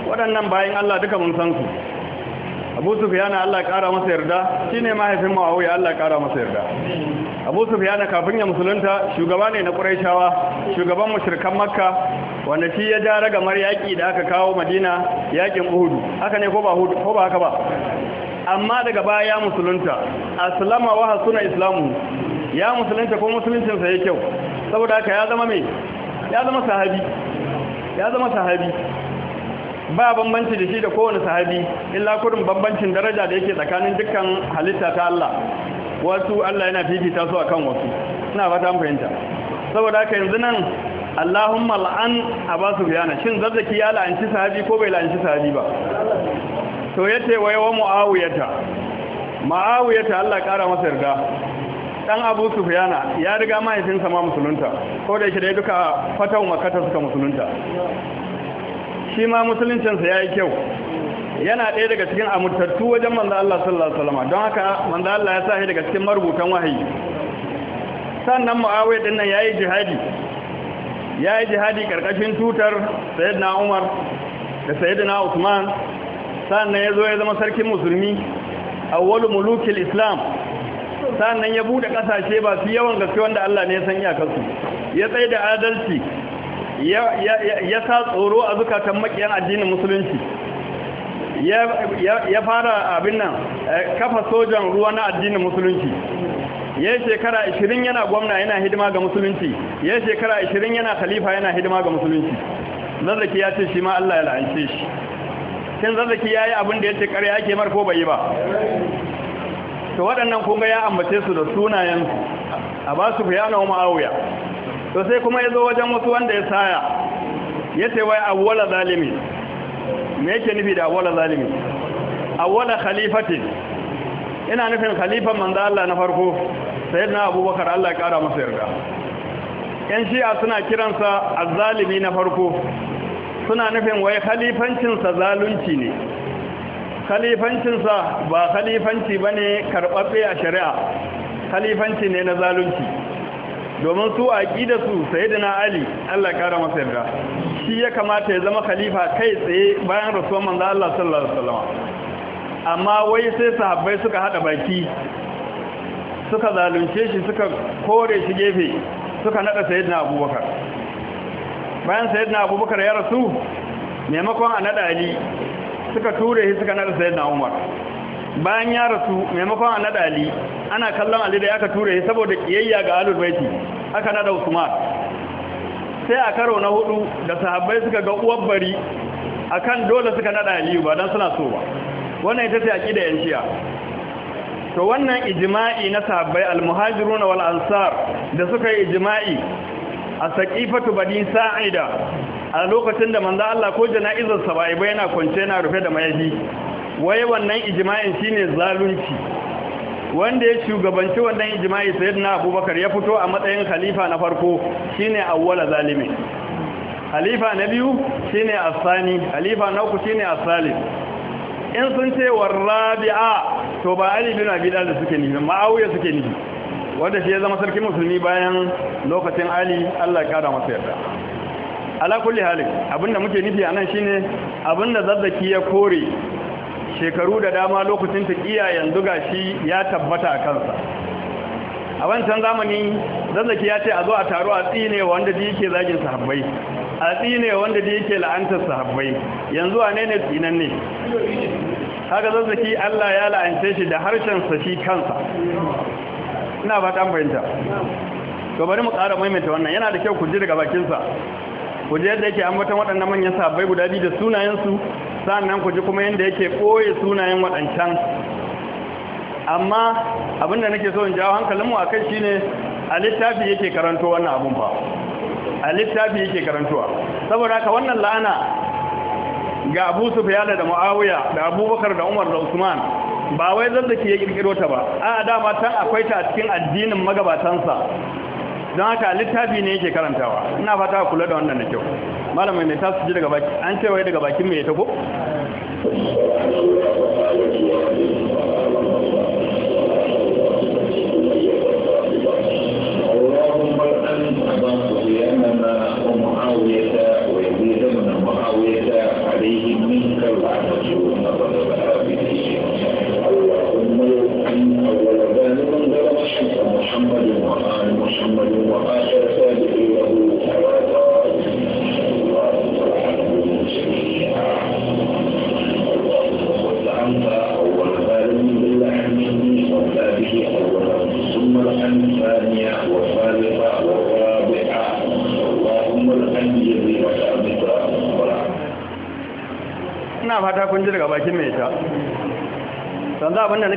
waɗannan bayan allah duka mun san su abu sufiyana allah ƙara masa yarda shi ne mahaifin mu'awuya allah ƙara masa yarda abu sufiyana kafin ya musulunta shugaba ne na ƙuraishawa shugaban mashirkan makka wanda shi ya ja ragamar yaƙi da aka kawo madina yaƙin uhudu haka ne ko ba haka ba amma daga baya ya musulunta aslama wa hasuna islamu ya musulunta ko musuluncinsa ya kyau saboda haka ya zama mai ya zama sahabi ya zama sahabi ba bambanci da shi da kowane sahabi illa kurin bambancin daraja da yake tsakanin dukkan halitta ta Allah wasu Allah yana fifita su akan wasu ina fata fahimta saboda haka yanzu nan Allahumma la'an abasu yana shin zazzaki ya la'anci sahabi ko bai la'anci sahabi ba to yace wa muawiyata muawiyata Allah kara masa yarda dan Abu Sufyana ya riga mahaifinsa ma musulunta ko da yake dai duka fatan makata suka musulunta shi ma musuluncinsa yayi kyau yana ɗaya daga cikin amurtattu wajen manzo Allah sallallahu alaihi wasallam don haka manzo Allah ya sahi daga cikin marubutan wahayi sannan Muawiya din nan yayi jihadi yayi jihadi karkashin tutar Sayyidina Umar da Sayyidina Usman. sannan ya zo ya zama sarkin musulmi a wani mulukin islam sannan ya bude kasashe ba su yawan gaske wanda Allah ne ya san iyakarsu ya tsaye da adalci ya sa tsoro a zukatan makiyan addinin musulunci ya fara abin nan eh, kafa sojan ruwa na addinin musulunci ya shekara 20 yana gwamna yana hidima ga musulunci ya shekara 20 yana khalifa yana hidima ga musulunci Nan da ke ya ce shi ma Allah ya la'ance shi shin zazzaki ya yi abin da ya ce ƙarya ake mar ko bayi yi ba to waɗannan kunga ya ambace su da sunayen a ba su fiya na ma'awuya to sai kuma ya zo wajen wasu wanda ya saya ya ce wai awwala zalimi me yake nufi da awwala zalimi awwala khalifati ina nufin khalifan manzo Allah na farko sayyidina abubakar Allah ya kara masa yarda yan shi'a suna kiransa zalimi na farko suna nufin wai khalifancinsa zalunci ne khalifancinsa ba khalifanci ba ne karɓaɓɓe a shari'a khalifanci ne na zalunci domin su a ƙi su sai da na ali allah ƙara masa yarda shi ya kamata ya zama khalifa kai tsaye bayan rasuwan manza allah sallallahu alaihi wasallam amma wai sai sahabbai suka haɗa baki suka zalunce shi suka kore shi gefe suka naɗa sayyidina abubakar bayan sayyidina abubakar ya rasu maimakon a nada suka ture shi suka nada sayyidina umar bayan ya rasu maimakon a nada ana kallon ali da ka ture shi saboda kiyayya ga alul baiti aka nada usman sai a karo na hudu da sahabbai suka ga uwar bari akan dole suka nada aliyu ba dan suna so ba wannan ita ce aqida yan shi'a to wannan ijima'i na sahabbai al-muhajiruna wal ansar da suka yi ijma'i a saƙifatu bani sa'ida a lokacin da manzan Allah ko jana'izarsa ba ba yana kwance yana rufe da mayafi Wai wannan ijma'in shine zalunci wanda ya shugabanci wannan sai na Abubakar ya fito a matsayin khalifa na farko shine awwala zalimi khalifa na biyu shine asani khalifa na uku shine asali in sun ce warrabi'a to ba Ali bin Abi Talib suke nufi ma'awiya suke nufi wanda shi ya zama sarkin musulmi bayan lokacin ali allah ya kara masa yarda ala kulli halin abinda muke nufi anan shine abinda zazzaki ya kore shekaru da dama lokacin ta taqiya yanzu ga shi ya tabbata a kansa a wancan zamani zazzaki ya ce a zo a taro a tsine wanda da yake zagin sahabbai a tsine wanda da yake la'antar sahabbai yanzu wane ne tsinan ne haka zazzaki Allah ya la'ance shi da harshen sa shi kansa ina ba ta fahimta to bari mu ƙara maimaita wannan yana da kyau ku ji daga bakinsa ku ji yadda yake ambatan waɗannan manyan sabbai guda biyu da sunayensu sannan ku ji kuma yadda yake ɓoye sunayen waɗancan amma abinda nake so in jawo hankalinmu a kai shine a littafi yake karanto wannan abun fa a littafi yake karantowa saboda haka wannan la'ana ga abu sufiyana da mu'awiya da abubakar da umar da usman ba wai ke ya kirkiro ta ba a dama tan akwai ta a cikin addinin magabatansa don haka littafi ne yake karantawa ina fata kula da wannan da kyau malamai ta su ji daga baki an ce wai daga bakin mai ya ko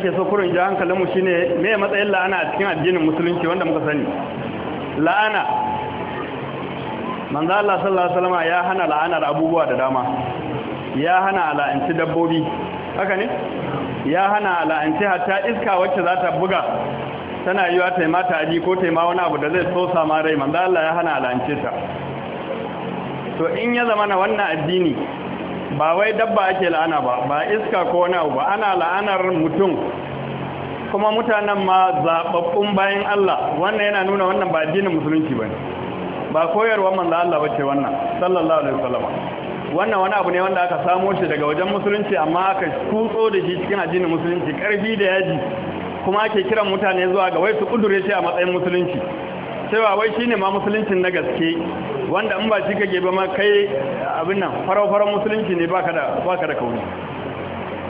ake so kurin ja mu shine me matsayin la'ana a cikin addinin musulunci wanda muka sani la'ana manzo Allah sallallahu alaihi wasallam ya hana la'anar abubuwa da dama ya hana la'anci dabbobi haka ne ya hana la'anci hatta iska wacce za ta buga tana yiwa mata aji ko taima wani abu da zai so sama rai manzo Allah ya hana la'anci ta to in ya zama na wannan addini ba wai dabba ake la'ana ba ba iska ko wani abu ba ana la'anar mutum kuma mutanen ma zaɓaɓɓun bayan Allah wannan yana nuna wannan ba addinin musulunci ba ba koyarwa manzo Allah bace wannan sallallahu alaihi wasallam wannan wani abu ne wanda aka samo shi daga wajen musulunci amma aka kutso da shi cikin addinin musulunci karfi da yaji kuma ake kiran mutane zuwa ga wai su kudure shi a matsayin musulunci cewa wai shine ma musuluncin na gaske wanda in ba shi kake ba ma kai abin nan farau musulunci ne baka da baka da kauni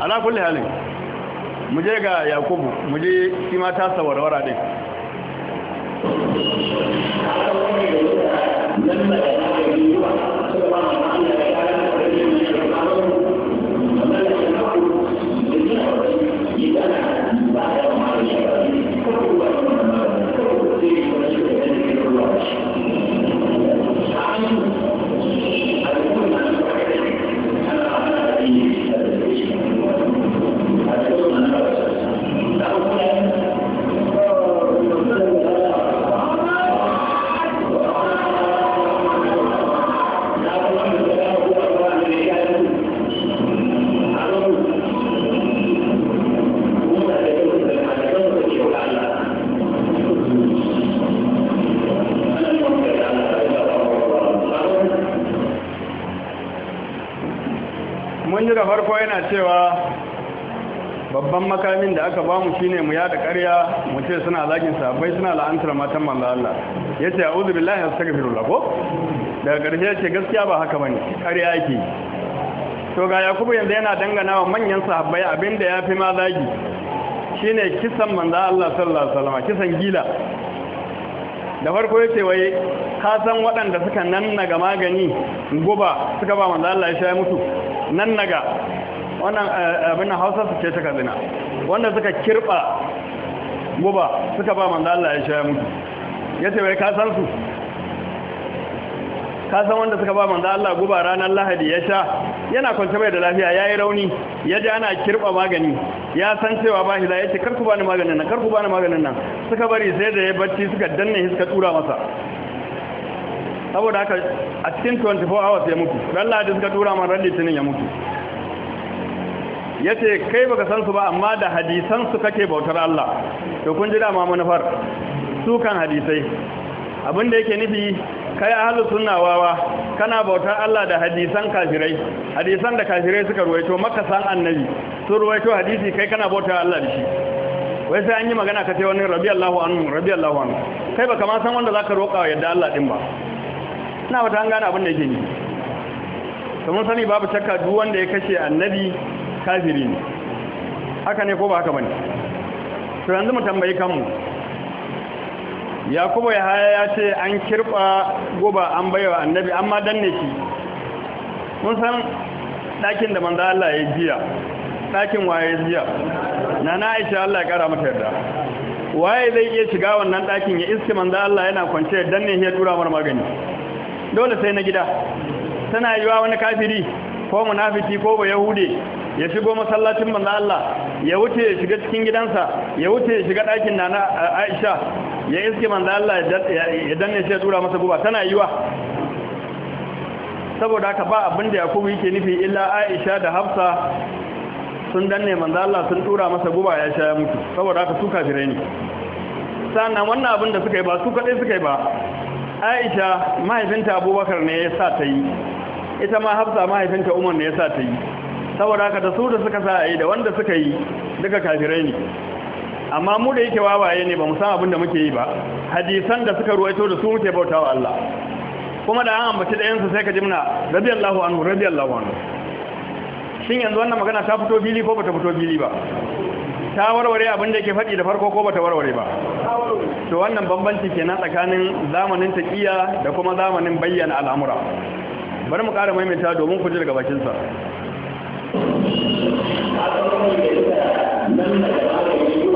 ala kulli halin mu je ga yakubu mu je shi ma ta sawarwara din misalin da aka bamu shine mu yada ƙarya mu ce suna zagin sabai suna la'antar matan manzo Allah yace a'udhu billahi astaghfirullah ko daga ƙarshe yace gaskiya ba haka bane ƙarya yake to ga Yakubu yanzu yana dangana wa manyan sahabbai abinda yafi ma zagi shine kisan manzo Allah sallallahu alaihi wasallam kisan gila da farko yace wai ka san waɗanda suka nannaga magani guba suka ba manzo Allah ya sha mutu nannaga wannan eh, eh, abin na hausa su ce suka zina wanda suka kirba guba suka ba manzo Allah ya sha mutu ya ce wai ka san su ka san wanda suka ba manzo Allah guba ranar Lahadi ya sha yana kwance mai da lafiya yayi rauni ya ji ana kirba magani ya san cewa ba shi da yace kar ku bani maganin nan kar ku bani maganin nan suka bari sai da ya bacci suka danne shi suka tura masa saboda haka a cikin 24 hours ya mutu ran Lahadi suka tura man ran Litinin ya mutu ya ce kai baka san su ba amma da hadisan su kake bautar Allah to kun ji dama manufar su kan hadisai da yake nufi kai ahlus sunna wawa kana bautar Allah da hadisan kafirai hadisan da kafirai suka ruwaito maka san annabi Su ruwaito hadisi kai kana bautar Allah da shi wai sai an yi magana ka ce wani Allahu anhu Allahu anhu kai baka ma san wanda zaka roƙa wa yadda Allah din ba ina wata an gane abin da yake ni Kuma sani babu shakka duk wanda ya kashe annabi kafiri ne haka ne ko ba haka bane to yanzu mu tambayi kanmu yakubu ya haya ya ce an kirba goba an baiwa annabi amma danne shi mun san dakin da manzo Allah ya jiya dakin waye jiya nana Aisha Allah ya kara mata yarda waye zai iya shiga wannan dakin ya iske manzo Allah yana kwance danne ya tura mar magani dole sai na gida tana yiwa wani kafiri ko munafiki ko ba yahude ya shigo masallacin manzo Allah ya wuce ya shiga cikin gidansa ya wuce ya shiga ɗakin nana Aisha ya iske manzo Allah ya danne shi ya tura masa guba tana yiwa saboda haka ba abin da Yakubu yake nufi illa Aisha da Hafsa sun danne manzo Allah sun tura masa guba ya sha ya mutu saboda haka su kafirai ne sannan wannan abin da suka yi ba su kaɗai suka yi ba Aisha mahaifinta Abubakar ne ya sa ta yi ita ma Hafsa mahaifinta Umar ne ya sa ta yi saboda haka da su da suka sa yi da wanda suka yi duka kafirai ne amma mu da yake wawaye ne ba mu san abin da muke yi ba hadisan da suka ruwaito da su muke bautawa Allah kuma da an ambaci da yansu sai ka jimna radiyallahu anhu radiyallahu anhu shin yanzu wannan magana ta fito fili ko bata fito fili ba ta warware abin da yake faɗi da farko ko bata warware ba to wannan bambanci kenan tsakanin zamanin taqiya da kuma zamanin bayyana al'amura bari mu ƙara maimaita domin ku ji daga bakin sa a tsawon da duka nan da ba da yi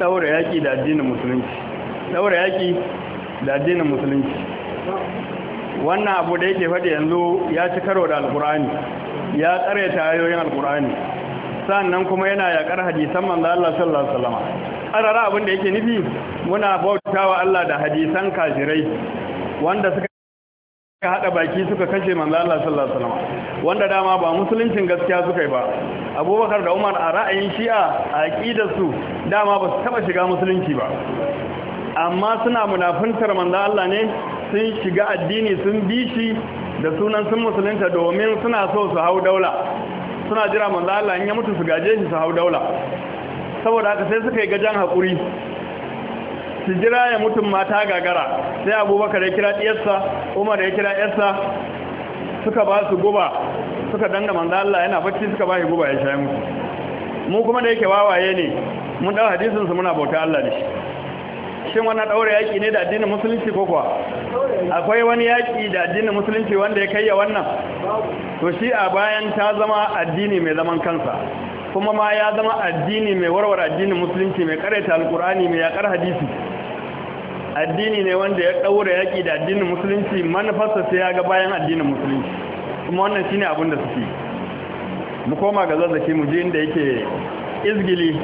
daura yaki da addinin musulunci daura yaki da addinin musulunci wannan abu da yake faɗi yanzu ya ci karo da alkur'ani ya tsare ta ayoyin alkur'ani sannan kuma yana yakar hadisan manzo Allah sallallahu alaihi wasallam karara abin da yake nufi muna bautawa Allah da hadisan kafirai wanda suka ka haɗa baki suka kashe manzo Allah sallallahu alaihi wasallam wanda dama ba musuluncin gaskiya suka yi ba Abubakar da Umar a ra'ayin Shi'a a aqidar su dama ba su taba shiga musulunci ba amma suna munafuntar manzo Allah ne sun shiga addini sun bishi da sunan sun musulunta domin suna so su hau daula suna jira manzo Allah in ya mutu su gaje shi su hau daula saboda haka sai suka yi gajen haƙuri su jira ya mutum mata gagara sai abubakar ya kira ɗiyarsa umar ya kira ɗiyarsa suka ba su guba suka danga manzo Allah yana bacci suka ba shi guba ya sha mutu mu kuma da yake wawaye ne mun dawo hadisin su muna bauta Allah da shi shin wannan daure yaki ne da addinin musulunci ko kuwa akwai wani yaki da addinin musulunci wanda ya kaiya wannan to shi a bayan ta zama addini mai zaman kansa kuma ma ya zama addini mai warware addinin musulunci mai karaita alkur'ani mai yakar hadisi addini ne wanda ya daure yaki da addinin musulunci manufarsa sai ya ga bayan addinin musulunci kuma wannan shine abin da suke mu koma ga zazzaki mu je inda yake izgili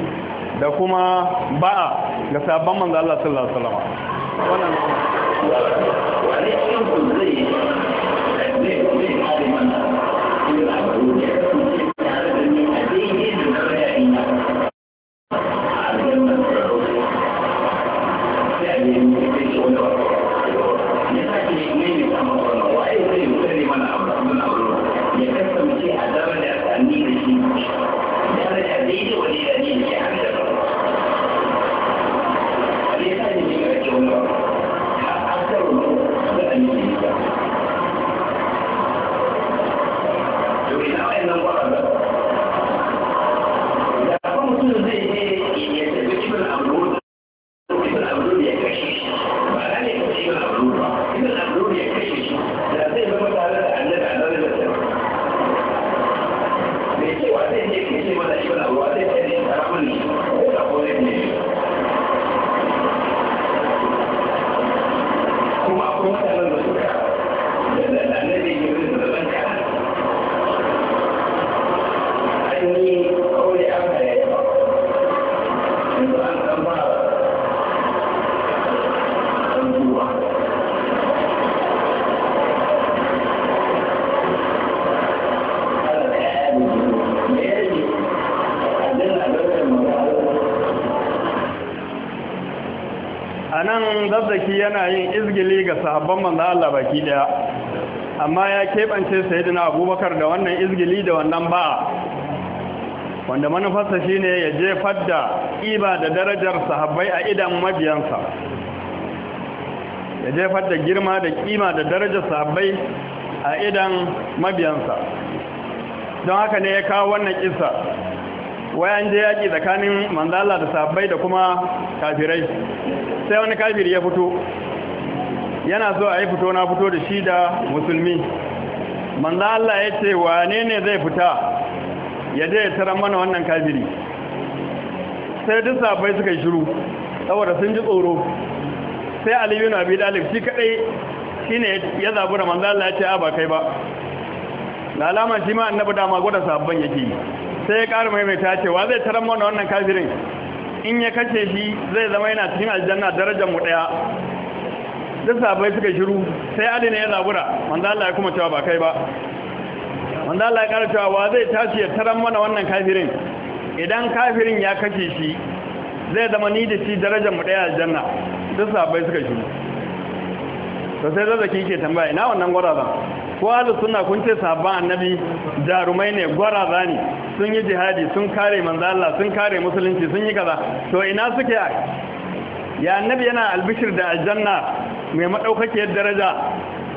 da kuma ba'a ga sabon manzo Allah sallallahu alaihi wasallam wannan wani yana yin izgili ga sahabban manzo Allah baki daya amma ya keɓance sayyidina abubakar da wannan izgili da wannan ba wanda manufarsa shine ya jefar da iba da darajar sahabbai a idan mabiyansa ya jefar da girma da ƙima da darajar sahabbai a idan mabiyansa don haka ne ya kawo wannan kissa wayan je yaƙi tsakanin manzala da sabbai da kuma kafirai sai wani kafiri ya fito yana so a yi fito na fito da shi da musulmi manzala ya ce wane ne zai fita ya je ya mana wannan kafiri sai duk sabbai suka yi shiru saboda sun ji tsoro sai aliyu na biyu dalib shi kadai shi ne ya zabu da manzala ya ce a ba kai ba da alama shi ma annabi dama gwada sabon yake yi sai ya ƙara maimaita wa zai tarar mana wannan kafirin in ya kashe shi zai zama yana cikin aljanna darajar mu daya duk sabai suka shiru sai ali ne ya zabura manzo Allah ya kuma cewa ba kai ba manzo Allah ya ƙara cewa wa zai tashi ya tarar mana wannan kafirin idan kafirin ya kashe shi zai zama ni da shi darajar mu daya aljanna duk sabai suka shiru to sai zazzaki ke tambaya ina wannan gwarazan ko ahlu sunna kun ce sahabban annabi jarumai ne gwaraza ne sun yi jihadi sun kare manzo Allah sun kare musulunci sun yi kaza to ina suke ya annabi yana albishir da aljanna mai madaukakiyar daraja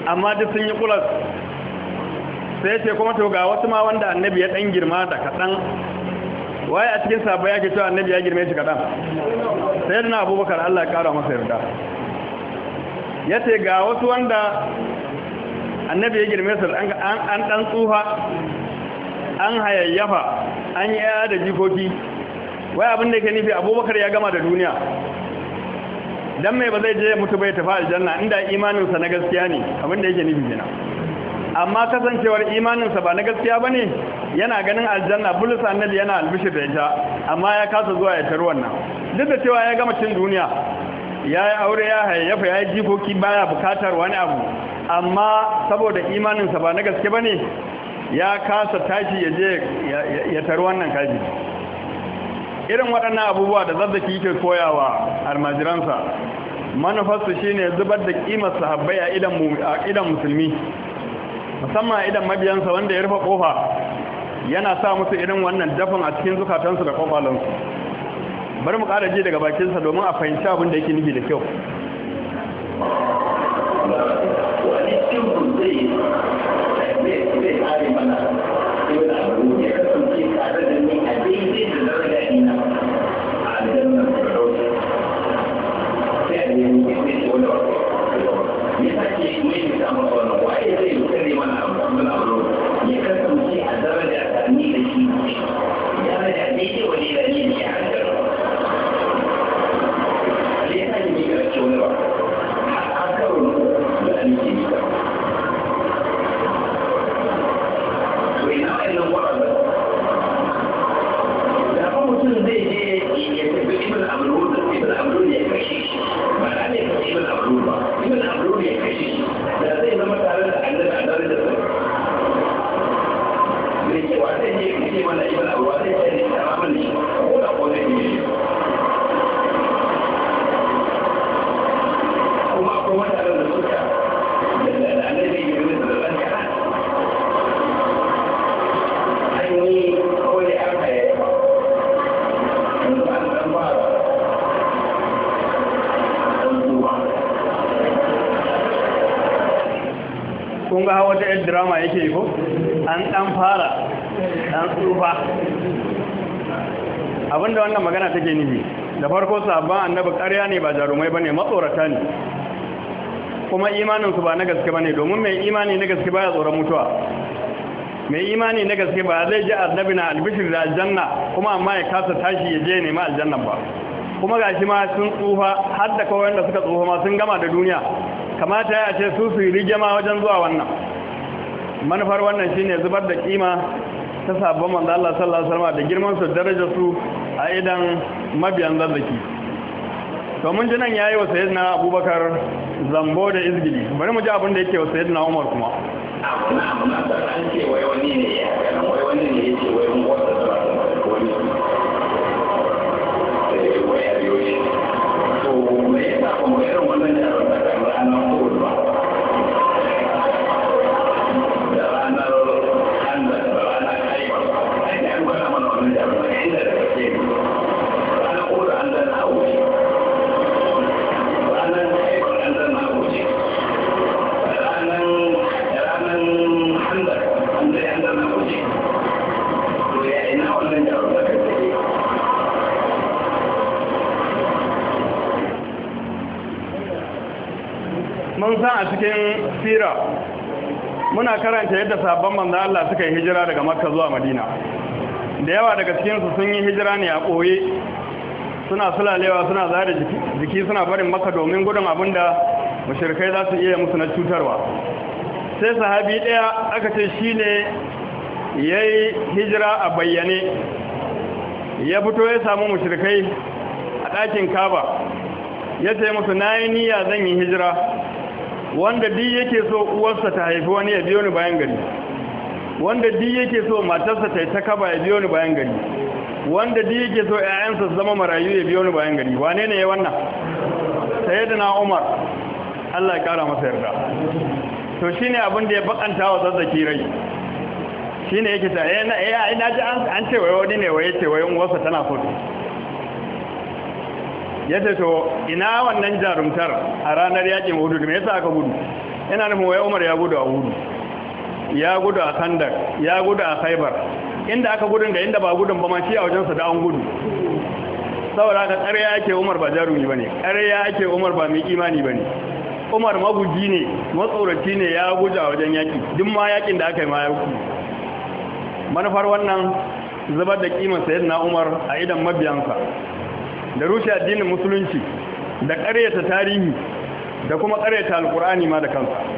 amma duk sun yi kulas sai ce kuma to ga wasu ma wanda annabi ya dan girma da kadan waye a cikin sahabbai yake cewa annabi ya girme shi kadan sayyidina abubakar Allah ya kara masa yarda yace ga wasu wanda annabi ya girme su an ɗan tsufa an hayayyafa an yi da jikoki wai abin da ke nufi abubakar ya gama da duniya dan mai ba zai je mutu bai tafi aljanna inda imaninsa na gaskiya ne abin da yake nufi kenan amma kasancewar imaninsa ba na gaskiya ba ne yana ganin aljanna bulus annabi yana albishir da ita amma ya kasa zuwa ya tarwar nan duk da cewa ya gama cin duniya ya yi aure ya hayayyafa ya yi jikoki baya bukatar wani abu amma saboda imaninsa ba na gaske ba ne ya kasa tashi ya je ya taru wannan kaji irin waɗannan abubuwa da zazzaki yake koyawa almajiransa manufarsu ne zubar da ƙimar sahabbai a idan musulmi musamman idan mabiyansa wanda ya rufe ƙofa yana sa musu irin wannan dafin a cikin zukatansu da ƙofalansu bari mu ƙara ji daga bakinsa domin a fahimci abin da yake nufi da kyau mutum zai matsorata ne kuma imaninsu ba na gaske ba ne domin mai imani na gaske ba ya tsoron mutuwa mai imani na gaske ba zai ji annabi na albishir da aljanna kuma amma ya kasa tashi ya je nema aljannan ba kuma ga shi ma sun tsufa har da kawai wanda suka tsufa ma sun gama da duniya kamata ya ce su su yi ma wajen zuwa wannan manufar wannan shine zubar da kima ta sabon manzo Allah sallallahu alaihi wasallam da girman su darajar su a idan mabiyan zazzaki to mun ji nan yayi wa sayyidina abubakar zambo da izgili bari mu ji abin da yake wa sayyidina umar kuma an ce wai wani ne ya wai wani ne ya da Na ya ne sahabban manzan Allah suka yi hijira daga makka zuwa madina da yawa daga cikinsu sun yi hijira ne a ɓoye suna sulalewa suna zara jiki suna barin maka domin gudun abin da mashirkai za su iya musu na cutarwa sai sahabi ɗaya aka ce shi ne ya yi hijira a bayyane ya fito ya samu mashirkai a ɗakin kaba ya ce musu na yi niyya zan yi hijira wanda duk yake so uwarsa ta haifi wani ya biyo ni bayan gari wanda di yake so matarsa ta yi ta kaba ya biyo ni bayan gari wanda di yake so ƴaƴansa su zama marayu ya biyo ni bayan gari wane ne ya wannan na, Umar Allah ya kara masa yarda to ne abin da ya bakanta wa zazzaki rai ne yake ta eh ina eh, ji an ce wai wani ne wai ce wai wasa tana so ya ce to ina wannan jarumtar a ranar yakin hudu me yasa aka gudu ina nufin wai Umar ya gudu a hudu ya gudu a sandar ya gudu a saibar inda aka gudun da inda ba gudun ba ma shi a wajensa da an gudu saboda ka ƙarya ake umar ba jarumi ba ne ƙarya ake umar ba mai imani ba ne umar maguji ne matsoraci ne ya guja wajen yaƙi duk ma yaƙin da aka yi ma ya manufar wannan zubar da ƙimar sayar na umar a idan mabiyansa da rushe addinin musulunci da ƙaryata tarihi da kuma ƙaryata alƙur'ani ma da kansa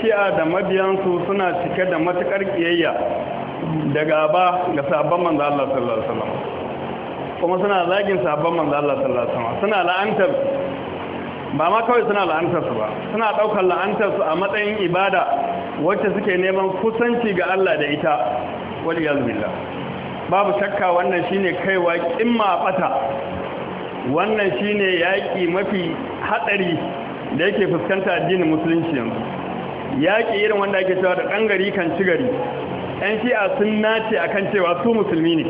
shi'a da mabiyansu suna cike da matukar kiyayya da gaba ga sabon manzo Allah sallallahu alaihi wasallam kuma suna zagin sabon manzo Allah sallallahu alaihi wasallam suna la'antar ba ma kawai suna la'antar su ba suna daukar la'antar su a matsayin ibada wacce suke neman kusanci ga Allah da ita wal yalbilla babu shakka wannan shine kaiwa kimma bata wannan shine yaki mafi hadari da yake fuskanta addinin musulunci yanzu yaƙi irin wanda ake cewa da ɗan gari kan ci gari yan shi'a sun nace a kan cewa su musulmi ne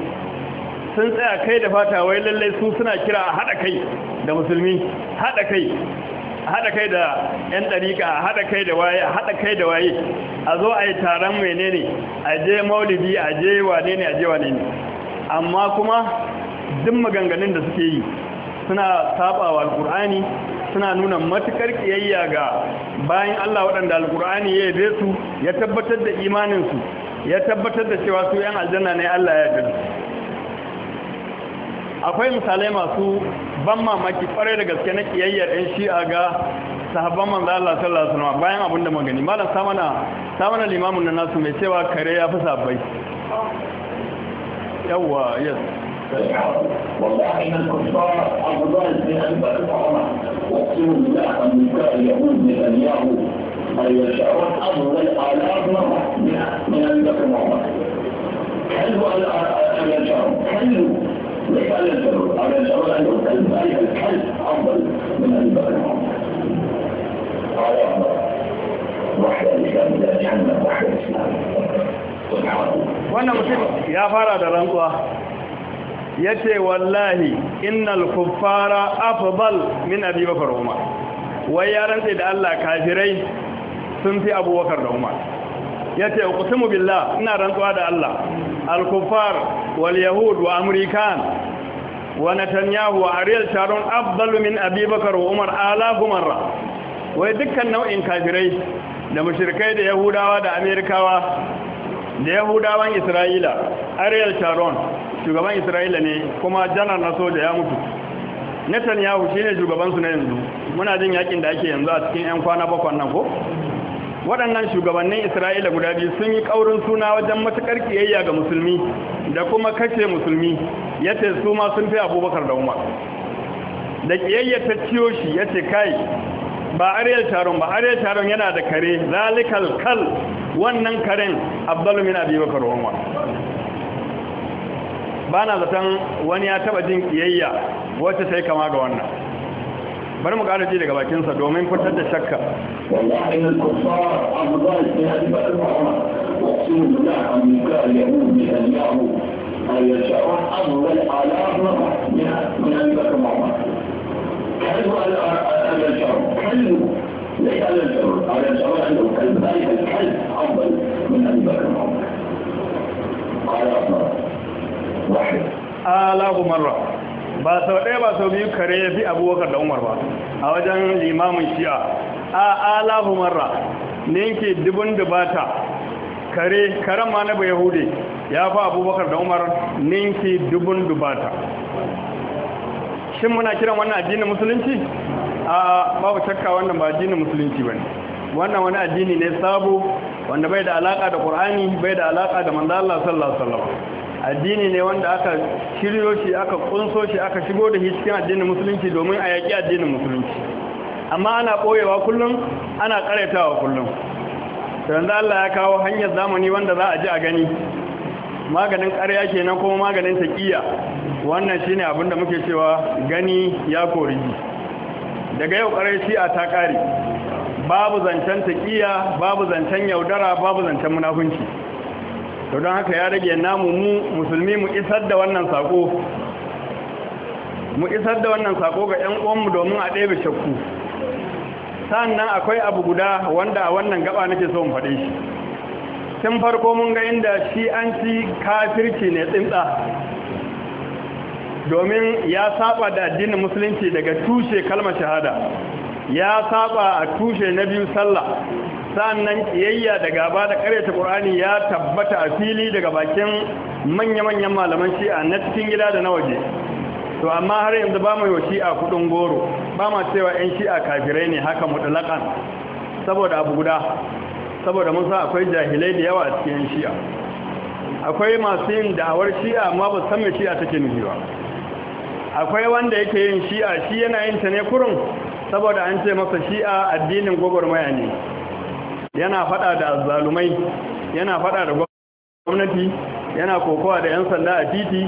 sun tsaya kai da fata wai lallai su suna kira a haɗa kai da musulmi haɗa kai haɗa kai da 'yan ɗariƙa haɗa kai da waye haɗa kai da waye a zo a yi taron menene a je maulidi a je wane ne a je wane ne amma kuma duk maganganun da suke yi suna saɓawa wa alƙur'ani suna nuna matukar kiyayya ga bayan Allah waɗanda alkur'ani ya yabe su ya tabbatar da imaninsu ya tabbatar da cewa su yan aljanna ne Allah ya yarda akwai misalai masu ban mamaki kwarai da gaske na kiyayyar yan shi'a ga sahabban manzo Allah sallallahu alaihi wasallam bayan abin da magani malam samana samana limamin na nasu mai cewa kare ya fi sabbai yes والله ان الكفار افضل من ان تكفر واقسم بالله ان اليهود نتنياهو ان يشاءون افضل على مره من ان تكفر حلو ان يشاءون حلو ليس ان يشاءون ان يشاءون ان يكلم عليها الكلب افضل من ان تكفر قال يا الله وحده الاسلام لا جهنم وحده الاسلام سبحان الله وانا مسلم يا فارا da yace wallahi innal kuffara afdal min abi bakar umar wai ya rantse da Allah kafirai sun fi abubakar da umar yace uqsimu billah ina rantsuwa da Allah al kuffar wal yahud wa amrikan wa netanyahu wa ariel sharon afdal min abi bakar umar alafu marra wai dukkan nau'in kafirai da mushrikai da yahudawa da amerikawa da yahudawan isra'ila ariel sharon shugaban isra'ila ne kuma janar na soja ya mutu netanyahu ne shugabansu na yanzu muna jin yakin da ake yanzu a cikin 'yan kwana bakwan nan ko waɗannan shugabannin isra'ila guda biyu sun yi ƙaurin suna wajen matuƙar ƙiyayya ga musulmi da kuma kashe musulmi ya ce su ma sun fi abubakar da umar da ƙiyayya ta ciyo shi ya ce kai ba ariyar taron ba ariyar taron yana da kare zalikal kal wannan karen na min abubakar umar ba na zaton wani ya taba jin kiyayya wacce sai kama ga wannan bari mu ƙara ji daga bakinsa domin fitar da shakka يشاءون أفضل آلاف مرة من أبي بكر وعمر حلو على الشر حلو ليس على الشر على الشر عنده كلب ذلك الكلب أفضل من أبي بكر وعمر قال أفضل alahu marra ba sau ɗaya ba sau biyu kare ya fi abubakar da umar ba a wajen limamin shi'a a alahu marra ninki dubun dubata kare karen ma na bai yahudi ya fi abubakar da umar ninki dubun dubata shin muna kiran wannan addinin musulunci a ku shakka wannan ba addinin musulunci ba ne wannan wani addini ne sabo wanda bai da alaka da qur'ani bai da alaka da manzo Allah sallallahu alaihi wasallam addini ne wanda aka shiryo shi aka kunso shi aka shigo da shi cikin addinin musulunci domin a yaƙi addinin musulunci amma ana ɓoyewa kullum ana ƙaraitawa kullum yanzu Allah ya kawo hanyar zamani wanda za a ji a gani maganin ƙarya kenan kuma maganin taƙiyya wannan shine abin da muke cewa gani ya koriji daga yau ƙarai a ta ƙare babu zancen taƙiyya babu zancen yaudara babu zancen munafunci to don haka ya rage namu mu musulmi mu isar da wannan sako mu isar da wannan sako ga 'yan uwanmu domin a ɗebe shakku sannan akwai abu guda wanda a wannan gaba nake so mu faɗe shi tun farko mun ga inda shi an ci kafirci ne tsinta domin ya saba da addinin musulunci daga tushe kalmar shahada ya saba a tushe na biyu sallah nan kiyayya da gaba da karyata qur'ani ya tabbata a fili daga bakin manya-manyan malaman shi'a na cikin gida da na waje to amma har yanzu ba mu yi shi'a kudin goro ba ma cewa 'yan shi'a kafirai ne haka mutulakan saboda abu guda saboda mun san akwai jahilai da yawa a cikin 'yan shi'a akwai masu yin da'awar shi'a amma ba san me shi'a take nufi ba akwai wanda yake yin shi'a shi yana yin ta ne kurun saboda an ce masa shi'a addinin gwagwarmaya ne yana fada da azzalumai yana fada da gwamnati yana kokowa da 'yan sanda a titi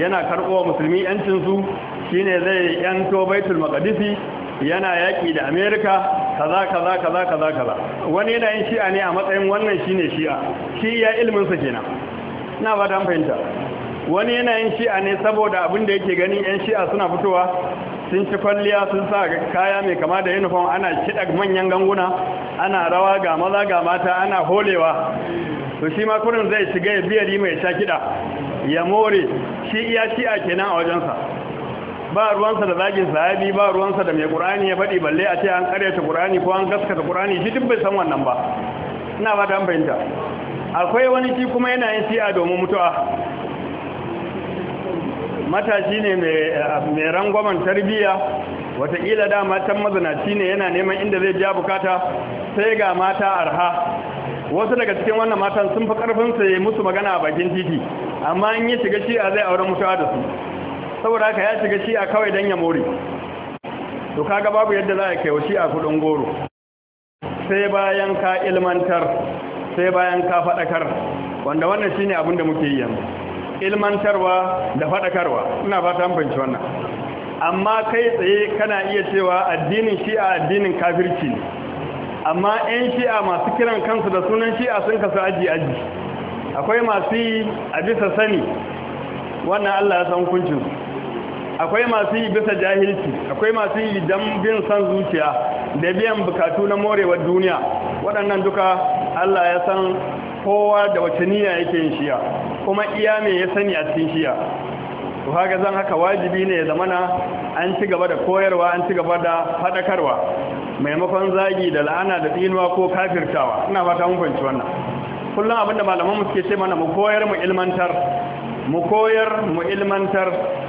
yana karɓowa musulmi 'yancin su shine zai 'yanto baitul maqdisi yana yaƙi da amerika kaza kaza kaza kaza kaza wani yana yin shi'a ne a matsayin wannan shine shi'a shi ya ilminsa kenan Ina ba dan fahimta wani yana yin shi'a ne saboda abin da yake ganin yan shi'a suna fitowa sun ci kwalliya sun sa kaya mai kama da uniform ana kiɗa manyan ganguna ana rawa ga maza ga mata ana holewa to shi ma kurin zai shiga ya biyari mai sha kiɗa ya more shi iya shi'a kenan a wajensa ba ruwansa da zagin sahabi ba ruwansa da mai ƙur'ani ya faɗi balle a ce an ƙaryata ƙur'ani ko an gaskata ƙur'ani shi duk bai san wannan ba ina ba ta fahimta akwai wani shi kuma yana yin shi'a domin mutuwa matashi ne mai rangwamen tarbiyya watakila da matan mazinaci ne yana neman inda zai ja bukata sai ga mata arha wasu daga cikin wannan matan sun fi karfin su musu magana a bakin titi amma in yi shiga shi a zai aure mutuwa da su saboda haka ya shiga shi a kawai don ya more to kaga babu yadda za a kai shi a kudin goro sai bayan ka ilmantar sai bayan ka faɗakar wanda wannan shine abin da muke yi yanzu ilmantarwa da faɗakarwa ina ba ta fahimci wannan amma kai tsaye kana iya cewa addinin shi'a addinin kafirci ne amma 'yan shi'a masu kiran kansu da sunan shi'a sun kasu aji-aji akwai masu yi a bisa sani wannan allah ya san su, akwai masu yi bisa jahilci akwai masu yi don bin san zuciya da biyan bukatu na morewar duniya waɗannan duka allah ya san kowa da wace niyya yake yin shiya kuma iya me ya sani a cikin shiya to haka zan haka wajibi ne ya zamana an ci gaba da koyarwa an ci gaba da fadakarwa maimakon zagi da la'ana da tsinuwa ko kafirtawa ina fata mun fahimci wannan kullum abinda malaman mu suke ce mana mu koyar mu ilmantar mu koyar mu ilmantar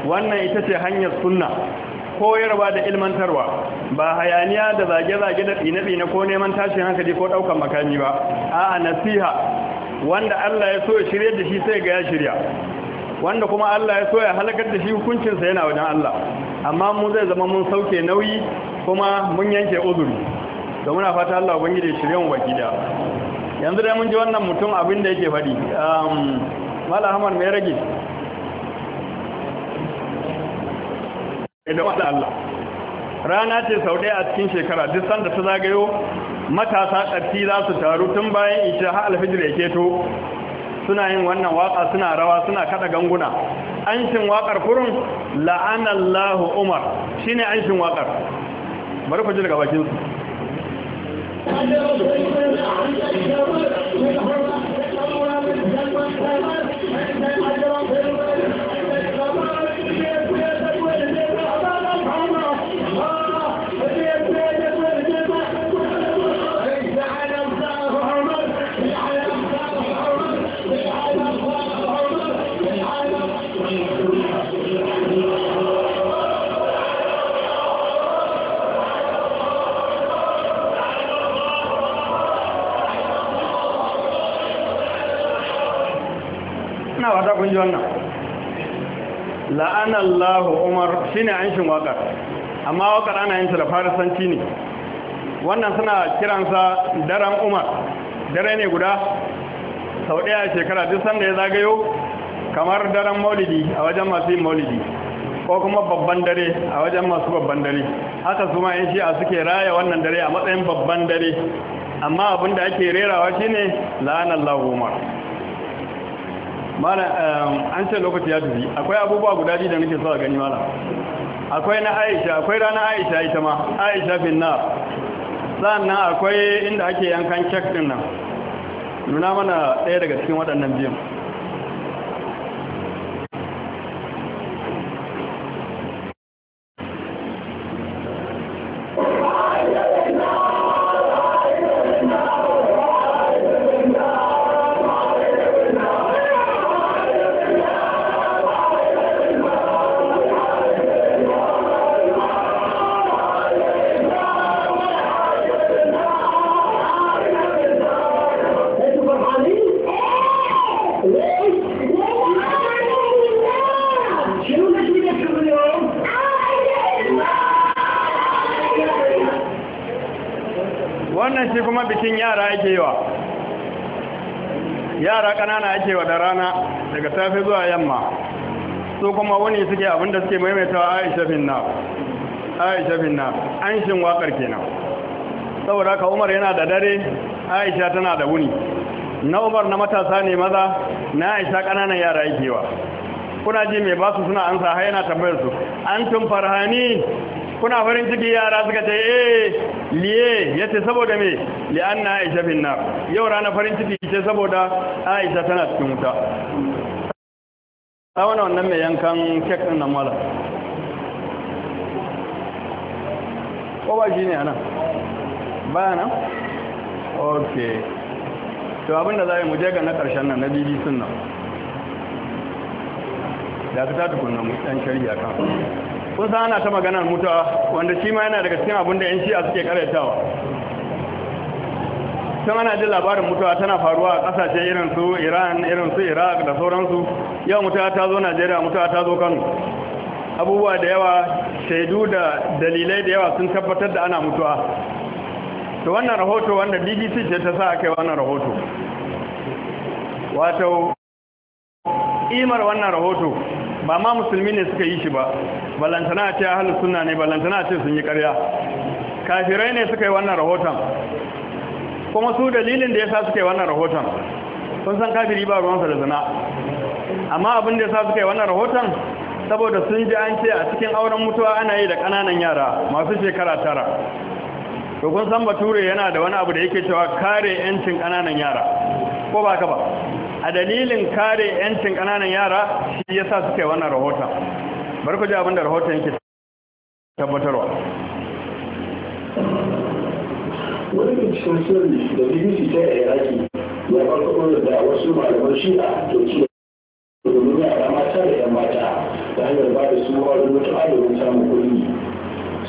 wannan ita ce hanyar sunna koyarwa da ilmantarwa ba hayaniya da zage-zage da tsine-tsine ko neman tashin hankali ko ɗaukan makami ba a'a nasiha wanda Allah ya so ya shirya da shi sai ga ya shirya wanda kuma Allah ya so ya halakar da shi hukuncinsa yana wajen Allah amma mu zai zama mun sauke nauyi kuma mun yanke uzuri da muna fata Allah ubangiji shirye mu baki da yanzu dai mun ji wannan mutum abin da yake faɗi um mala hamar mai rage da wata Allah rana ce sau ɗaya a cikin shekara duk sanda ta zagayo matasa ƙarfi za su taru tun bayan isha har alfijir ya keto suna yin wannan waka suna rawa suna kada ganguna anshin wakar kurun la'anallahu umar shine anshin wakar bari ku ji daga bakin su [LAUGHS] Wata kun ji wannan la'anallahu umar shine an shin wakar amma wakar ana yin ta da farisanci ne wannan suna kiransa daren umar dare ne guda sau ɗaya shekara duk sanda ya zagayo kamar daren maulidi a wajen masu yin maulidi ko kuma babban dare a wajen masu babban dare haka su ma yin shi'a suke raya wannan dare a matsayin babban dare amma abinda ake rerawa shine la'anallahu umar mana um, an ce lokaci ya tafi akwai abubuwa guda biyu da nake so a gani mana akwai na Aisha akwai rana Aisha ita ma Aisha bin nar sannan akwai inda ake yankan kek din nan nuna mana ɗaya daga cikin waɗannan biyan abinda suke maimaitawa aisha finna aisha finna an wakar kenan saboda ka umar yana da dare aisha tana da wuni na umar na matasa ne maza na aisha kananan yara yakewa kuna ji mai basu suna ansa har yana tambayar su an tun farhani kuna farin ciki yara suka ce eh liye yace saboda me li anna aisha finna yau rana farin ciki ce saboda aisha tana cikin wuta a wani wannan mai yankan kek ɗin nan mara ko ba shi ne a nan baya nan? ok to abinda za a yi mu je ga na ƙarshen nan na bbc nan da ka ta kunna mu ɗan shari'a kan kun sa ana ta maganar mutuwa wanda shi ma yana daga cikin abinda yanci a suke karyatawa can ana jin labarin mutuwa tana faruwa a ƙasashe irin su iran irin su iraq da sauransu yau mutuwa ta zo najeriya mutuwa ta zo kano abubuwa da yawa shaidu da dalilai da yawa sun tabbatar da ana mutuwa to wannan rahoto wanda bbc ce ta sa aka yi wannan rahoto wato imar wannan rahoto ba ma musulmi ne suka yi shi ba balantana ce ahalus sunna ne balantana ce sun yi karya kafirai ne suka yi wannan rahoton kuma su dalilin da ya sa suke wannan rahoton sun san kafiri ba ruwansa da zina amma abin da ya sa suke wannan rahoton saboda sun ji an ce a cikin auren mutuwa ana yi da kananan yara masu shekara tara to kun san bature yana da wani abu da yake cewa kare 'yancin ƙananan yara ko ba ka ba a dalilin kare 'yancin kananan yara shi ya sa suke wannan rahoton bar ku ji abin da rahoton yake tabbatarwa wani binciken sirri da bbc ta yi iraki ya farko da wasu malaman shi'a turkiya domin yara mata da yan mata ta hanyar ba da su wani mutuwa domin samun kuɗi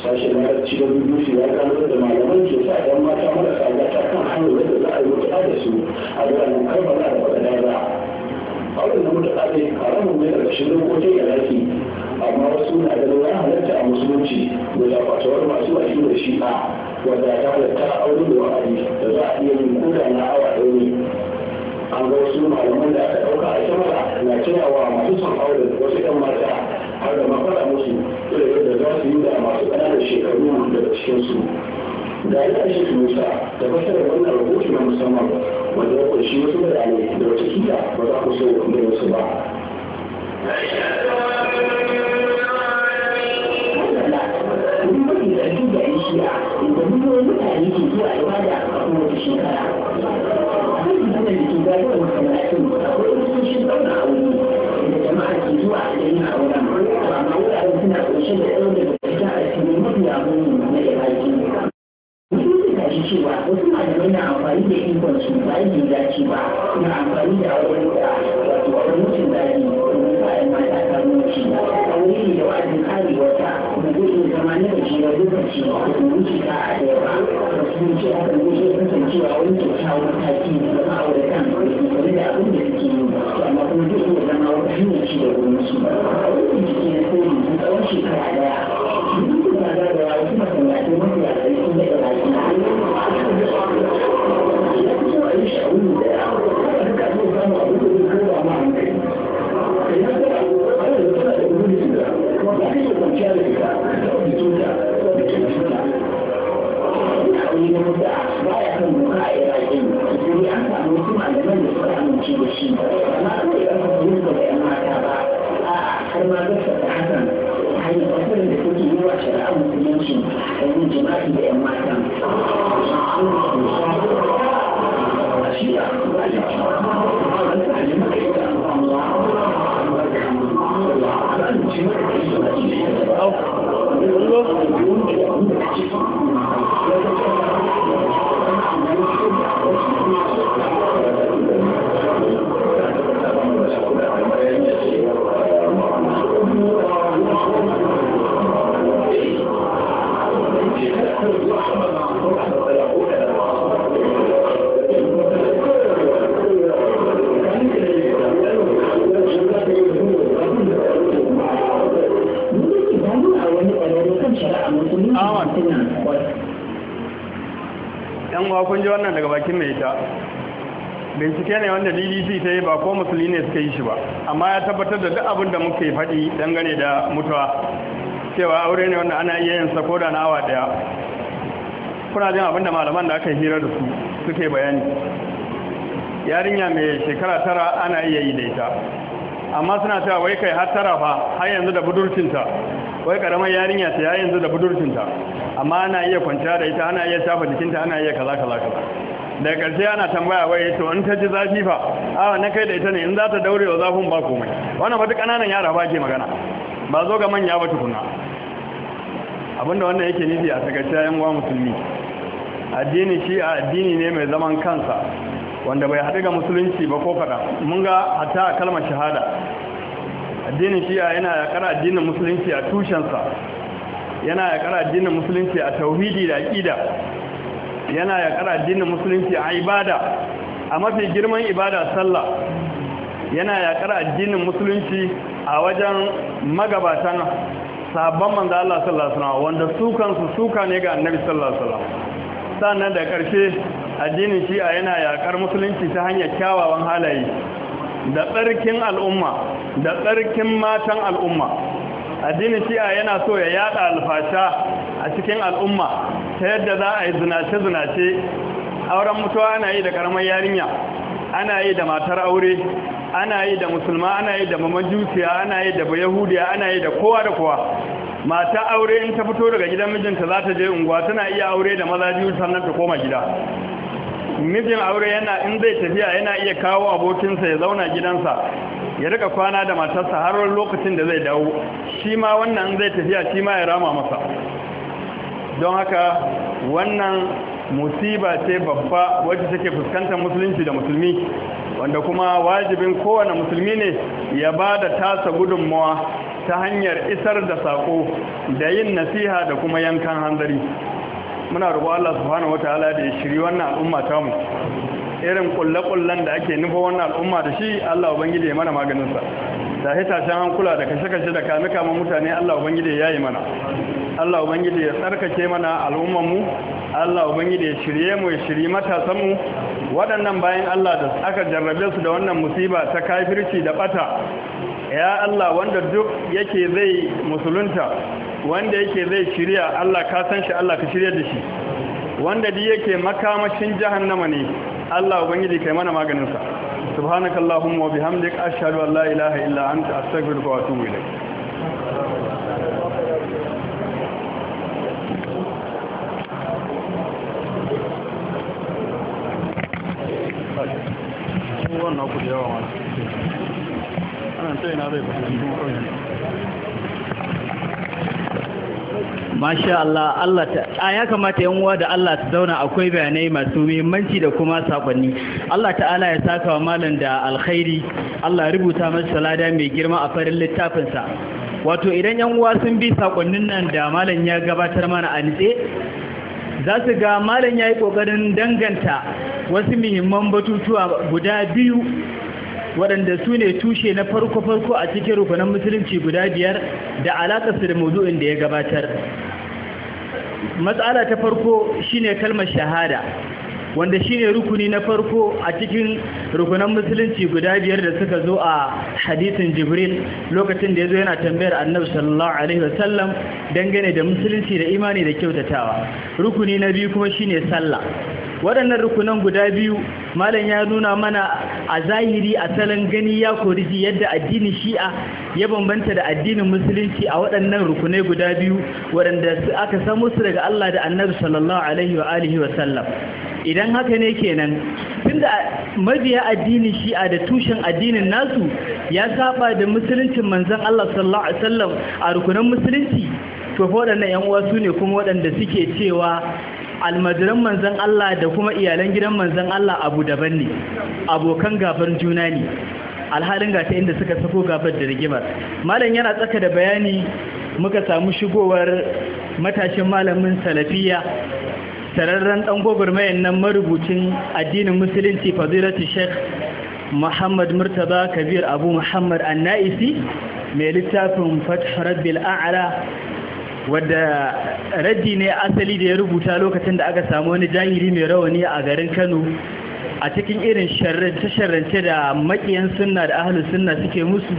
sashen larabci da bbc ya gano da malaman ke sa yan mata marasa gata kan hanyar da za a yi mutuwa da su a biranen karbala da bagadaza a wannan mutuwa ne haramun ne daga shirin kotun iraki amma wasu na ganin ya halatta a musulunci da zafatawar masu aiki da shi'a wanda ta aure da wa'adi da za a iya yin kuda na awa ɗaya an ga wasu malaman da aka ɗauka a shawara na cewa masu son aure wasu ɗan mata har da mafaɗa musu da yadda za su yi da masu ƙananan shekaru daga cikinsu da ya shi musa da fasarar wannan rahoto na musamman wanda ya kunshi wasu birane da wata kila ba za ku so da wasu ba. zuwa ibada a kowace shekara. Akwai jikin da ke gado da masallatin, akwai wasu shi zauna a muka yi faɗi dangane da mutuwa cewa aure ne wanda ana iya yin sako da na awa daya kuna jin abinda malaman da aka hira da su suke bayani yarinya mai shekara tara ana iya yi da ita amma suna cewa wai kai har tara fa har yanzu da budurcinta wai karamar yarinya ta ya yanzu da budurcinta amma ana iya kwanciya da ita ana iya shafa jikinta ana iya kaza kaza kaza da karshe ana tambaya wai to in ta ji zafi fa a na kai da ita ne in za ta daure wa zafin ba komai wannan wata ƙananan yara ba ke magana ba zo ga manya ba tukuna abinda wanda yake nufi a takaice yan uwa musulmi addini shi a addini ne mai zaman kansa wanda bai haɗu ga musulunci ba ko faɗa. mun ga hatta a kalmar shahada addinin shi yana yakar addinin musulunci a tushensa yana yakar addinin musulunci a tauhidi da aƙida yana yakar addinin musulunci a ibada a mafi girman ibada sallah yana yaƙar addinin musulunci a wajen magabatan sabon manzo Allah sallallahu alaihi wanda sukan su suka ne ga annabi sallallahu alaihi wasallam sannan da ƙarshe addinin shi'a yana yaƙar musulunci ta hanyar kyawawan halaye da tsarkin al'umma da tsarkin matan al'umma addinin shi'a yana so ya yada alfasha a cikin al'umma ta yadda za a yi zinace-zinace auren mutuwa ana yi da karamar yarinya ana yi da matar aure ana yi da musulma ana yi da mamajusiya ana yi da yahudiya ana yi da kowa da kowa mata aure in ta fito daga gidan mijinta za ta je unguwa tana iya aure da maza biyu sannan ta koma gida mijin aure yana in zai tafiya yana iya kawo abokinsa ya zauna gidansa ya rika kwana da matarsa har lokacin da zai dawo shi ma wannan zai tafiya shi ma ya rama masa don haka wannan musiba ce babba wacce take fuskantar musulunci da musulmi wanda kuma wajibin kowane musulmi ne ya ba da tasa gudunmawa ta hanyar isar da sako da yin nasiha da kuma yankan hanzari muna roƙo Allah subhanahu wataala da ya shiri wannan al'umma mu irin kullakullan da ake nufa wannan al'umma da shi Allah ubangiji ya mana maganinsa da hita ta hankula da kashe-kashe da kame-kame mutane Allah ubangiji ya yi mana Allah ubangiji ya tsarkake mana al'umman mu Allah ubangiji ya shirye mu ya shiri matasan mu waɗannan bayan Allah da aka jarrabe su da wannan musiba ta kafirci da bata ya Allah wanda duk yake zai musulunta wanda yake zai shirya Allah ka san shi Allah ka shirya da shi wanda duk yake makamashin jahannama ne Allah ubangiji kai mana maganin sa subhanakallahumma wa bihamdik ashhadu an la ilaha illa anta astaghfiruka wa atubu ilaik wannan ku da yawa ma ana ta yana zai fahimci kuma kawai Masha Allah, Allah ta, a ya kamata yan uwa da Allah ta zauna akwai bayanai masu muhimmanci da kuma sakonni. Allah ta'ala ya saka wa malam da alkhairi, Allah rubuta masa salada mai girma a farin littafinsa. Wato idan yan uwa sun bi sakonnin nan da malam ya gabatar mana a nitse, za su ga malam ya yi ƙoƙarin danganta wasu muhimman batutuwa guda biyu waɗanda su ne tushe na farko-farko a cikin rukunan musulunci guda biyar da alaƙarsu da mazu'in da ya gabatar matsala ta farko shine kalmar shahada wanda shine rukuni na farko a cikin rukunan musulunci guda biyar da suka zo a hadisin jibril lokacin da ya zo yana tambayar annabi sallallahu alaihi wasallam dangane da musulunci da imani da kyautatawa rukuni na biyu kuma shine sallah waɗannan rukunan guda biyu malam ya nuna mana a zahiri a salon gani ya koriji yadda addinin shi'a ya bambanta da addinin musulunci a waɗannan rukunai guda biyu waɗanda aka samu su daga Allah da annabi sallallahu alaihi wa alihi wa sallam idan haka ne kenan tunda mabiya addinin shi'a da tushen addinin nasu ya saba da musuluncin manzon Allah sallallahu alaihi wa sallam a rukunan musulunci to waɗannan yan uwa su ne kuma waɗanda suke cewa almajiran manzan Allah da kuma iyalan gidan manzan Allah abu daban ne abokan gabar juna ne alhalin ga ta inda suka sako gabar da rigimar malam yana tsaka da bayani muka samu shigowar matashin malamin salafiya sararren dan gwagwarmayan nan marubucin addinin musulunci fadilatu sheikh muhammad murtaza kabir abu muhammad anna'isi mai littafin fath rabbil a'la wadda raddi ne asali da ya rubuta lokacin da aka samu wani jahiri mai rawani a garin kano a cikin irin sharrance-sharrance da makiyan sunna da ahalus sunna suke musu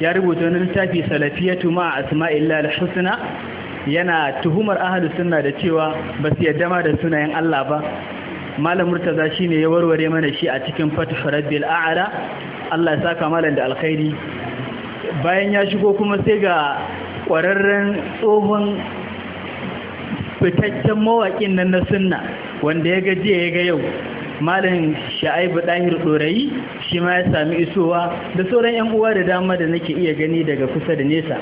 ya rubuta wani littafi salafiyatu ma asma'illah al-husna yana tuhumar ahalus sunna da cewa ba su yadda ma da sunayen Allah ba malam murtaza shine ya warware mana shi a cikin fatih rabbil a'la Allah ya saka malam da alkhairi bayan ya shigo kuma sai ga Kwararren tsohon fitaccen mawaƙin nan na sunna wanda ya gaji ya ga yau malam sha'aibu ɗahir ɗorayi shi ma ya sami isowa da sauran 'yan uwa da dama da nake iya gani daga kusa da nesa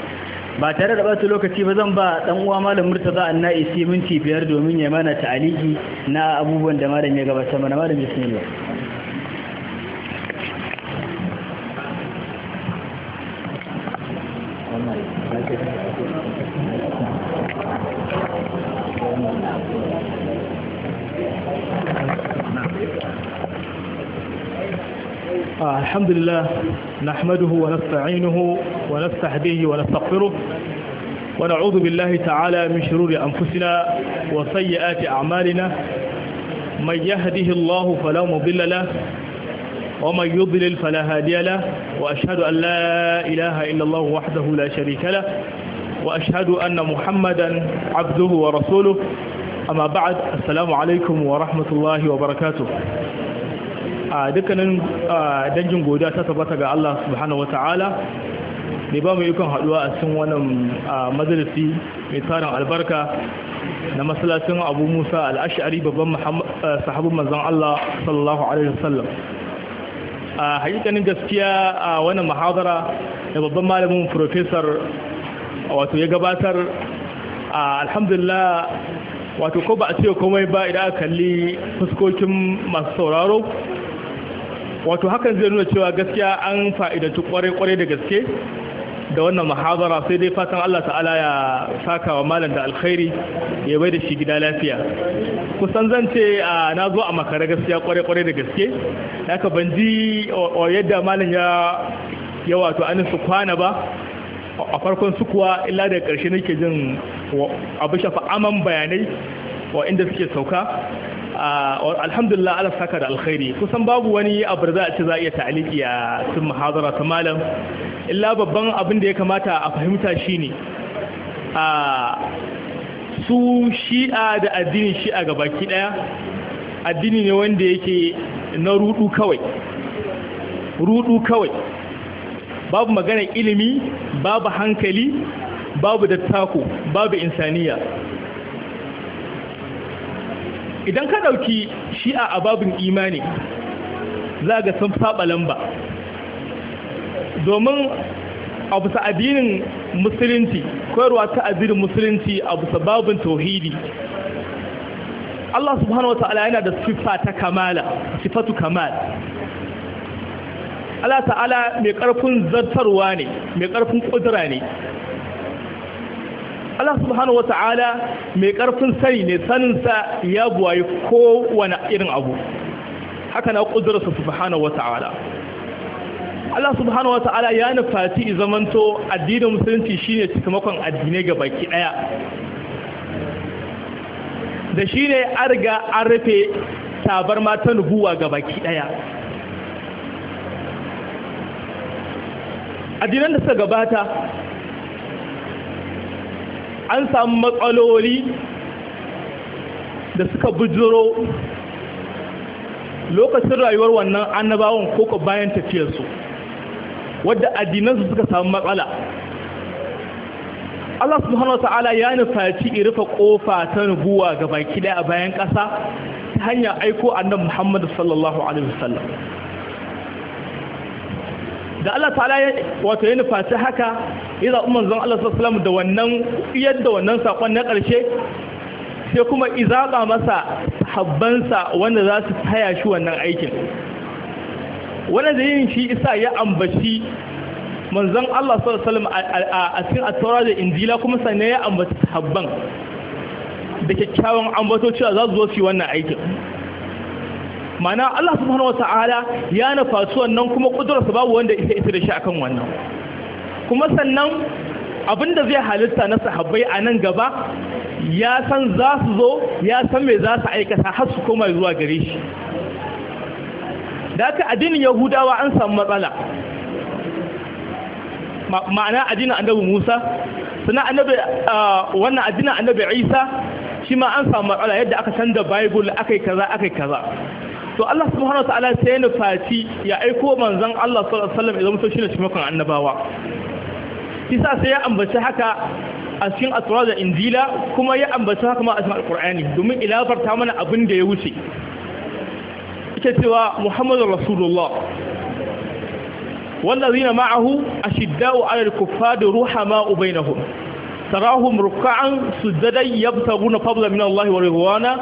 ba tare da ɓata lokaci ba zan ba ɗan uwa malam murtaza a na isi minti biyar domin ya mana ta'aliki na abubuwan da malam ya gabata mana malam bismillah آه، الحمد لله نحمده ونستعينه ونستهديه ونستغفره ونعوذ بالله تعالى من شرور أنفسنا وسيئات أعمالنا من يهده الله فلا مضل له ومن يضلل فلا هادي له وأشهد أن لا إله إلا الله وحده لا شريك له وأشهد أن محمدا عبده ورسوله أما بعد السلام عليكم ورحمة الله وبركاته dukkanin danjin godiya ta tabbata ga Allah subhanahu ta'ala ne ba mu ikon a cikin wannan majalisi mai tarin albarka na masallacin Abu Musa al-Ash'ari babban sahabin manzon Allah sallallahu alaihi wasallam a hakikanin gaskiya a wannan muhazara da babban malamin professor wato ya gabatar alhamdulillah wato ko ba a ce komai ba idan aka kalli fuskokin masu sauraro wato hakan zai nuna cewa gaskiya an fa'idantu kwarai-kwarai da gaske da wannan muhabara sai dai fatan Allah ta'ala ya saka wa malam da alkhairi ya bai da shi gida lafiya kusan zan ce na zo a makare gaskiya kware-kware da gaske haka ban ji yadda malam ya ya wato anin su kwana ba a farkon su kuwa illa da ƙarshe nake jin abu shafa aman bayanai wa inda suke sauka alhamdulillah ala saka da alkhairi kusan babu wani abu da ce za a iya ta'aliki a cikin muhazara ta malam illa babban abin da ya kamata a fahimta shine a su shi'a da addini shi'a ga baki daya addini ne wanda yake na rudu kawai rudu kawai babu magana ilimi babu hankali babu dattako babu insaniya idan ka ɗauki shi'a a babin imani za ga sun faɓa lamba domin a bisa addinin musulunci koyarwa ta addinin musulunci a bisa babin tauhidi Allah subhanahu wa ta'ala yana da siffa ta kamala sifatu kamal Allah ta'ala mai ƙarfin zartarwa ne mai ƙarfin ƙudura ne Allah subhanahu wata'ala mai ƙarfin sani ne saninsa ya buwaye kowane irin abu haka na ƙudurarsa subhanahu wata'ala Allah subhanahu wata'ala ya nufati zamanto addinin musulunci shine cikamakon addinai ga baki ɗaya da shine an riga an rufe tabar matan nubuwa ga baki ɗaya addinan da suka gabata an samu matsaloli da suka bujiro lokacin rayuwar wannan annabawan koko bayan tafiyarsu wadda addinansu suka samu matsala Allah subhanahu wata'ala ya nufaci irufa ƙofa ta nubuwa ga baki daya a bayan ƙasa ta hanyar aiko annan Muhammadu sallallahu alaihi wasallam da Allah ta'ala ya wato ya nufaci haka ya zaɓi manzon Allah sallallahu da wannan yadda wannan sakon na ƙarshe sai kuma izaɓa masa habbansa wanda za su taya shi wannan aikin wannan da yin shi isa ya ambaci manzon Allah sallallahu a cikin attaura da injila kuma sannan ya ambaci habban da kyakkyawan ambato cewa za su zo su yi wannan aikin mana Allah subhanahu wata'ala ya nufa su wannan kuma kudurarsa babu wanda isa isa da shi akan wannan kuma sannan abinda zai halitta na sahabbai a nan gaba ya san za su zo ya san me za su aikata har su koma zuwa gare shi da haka addinin yahudawa an samu matsala ma'ana addinin annabi musa suna annabi wannan addinin annabi isa shi ma an samu matsala yadda aka canza bible akai kaza akai kaza to Allah subhanahu wa ta'ala sai ya nufaci ya aiko manzon Allah sallallahu alaihi wasallam idan mutum shine cimakon annabawa kisa sai ya ambaci haka a cikin asura da injila kuma ya ambaci haka ma a cikin alkur'ani domin ilabarta mana abin da ya wuce ita cewa muhammadu rasulullah والذين معه أشداء على الكفار رحماء بينهم تراهم ركعا سجدا يبتغون فضلا من الله ورضوانا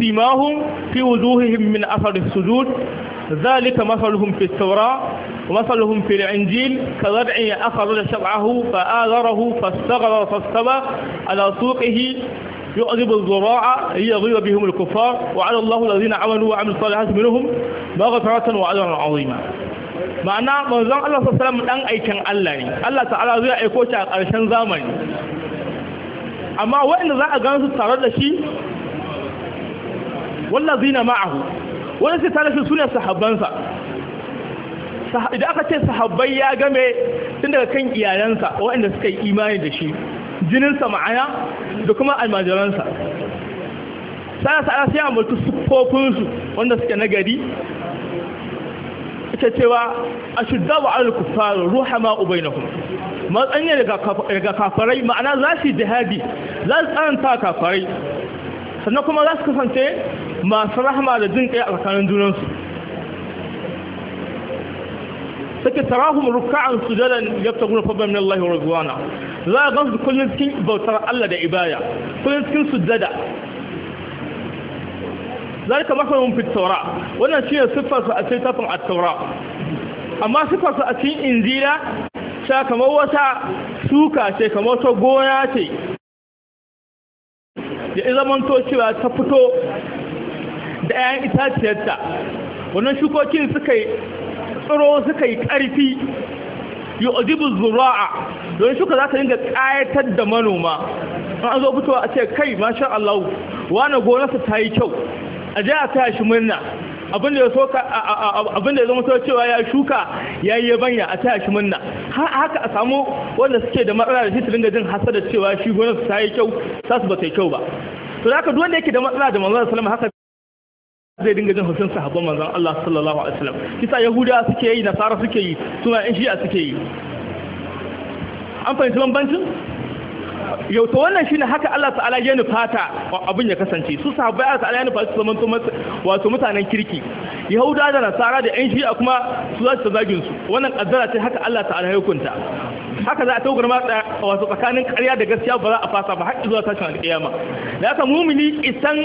سيماهم في وجوههم من أثر السجود ذلك مثلهم في التوراة ومثلهم في الإنجيل كزرع أخرج شرعه فآذره فاستغر فاستبى على سوقه يؤذب الزراعة ليغيب بهم الكفار وعلى الله الذين عملوا وعملوا الصالحات منهم مغفرة وعذرا عظيما ma'ana manzon Allah sallallahu alaihi wasallam dan aikin Allah ne Allah ta'ala zai aiko shi a ƙarshen zamani amma waɗanda za a gansu tare da shi wallazina ma'ahu wanda sai tare su ne sahabbansa idan aka ce sahabbai ya game tun daga kan iyayensa waɗanda suka yi imani da shi jininsa ma'ana da kuma almajiransa sana sa'a sai ambatu sukofinsu wanda suke nagari ita cewa a shudda wa alkufaru ruha ubai na kuma matsayin daga kafarai ma'ana za su yi jihadi za su tsananta kafarai sannan kuma za su kasance masu rahama da jin kai a tsakanin junansu sake tarahum ruka'an sujadan yabtaguna fadlan min Allah wa rizwana za a gansu kullun cikin bautar Allah da ibaya kullun cikin sujada zalika masalun fi tawra wannan shine siffar su a cikin tafin at-taura amma siffar a cikin injila sha kamar wata suka ce kamar wata goya ce ya zamanto cewa ta fito da 'ya'yan itaciyarta wannan shukokin suka yi tsoro suka yi ƙarfi yi ojibin zura'a don shuka za ta dinga ƙayatar da manoma an zo fitowa a ce kai masha Allah wane gonarsa ta yi kyau a je a yashi shi murna abinda ya zama so cewa ya shuka ya yi yabanya a taya shi murna haka a samu wanda suke da matsala da shi su dinga jin da cewa shi gonarsa ta yi kyau sa su ba ta yi kyau ba to da duk wanda yake da matsala da manzon salama. haka zai dinga jin haushin sahabban manzon Allah sallallahu alaihi wasallam kisa yahuda suke yi nasara suke yi suna yan shi'a suke yi an fahimci bambancin yau to wannan shine haka Allah ta'ala ya nufata abin ya kasance su sahabbai Allah ta'ala ya nufata su zamanto wato mutanen kirki yahuda da nasara da yan shi'a kuma su za su zagin su wannan kaddara ce haka Allah ta'ala ya hukunta haka za a taugar ma wato tsakanin ƙarya da gaskiya ba za a fasa ba har zuwa tashin alƙiyama da haka mumini isan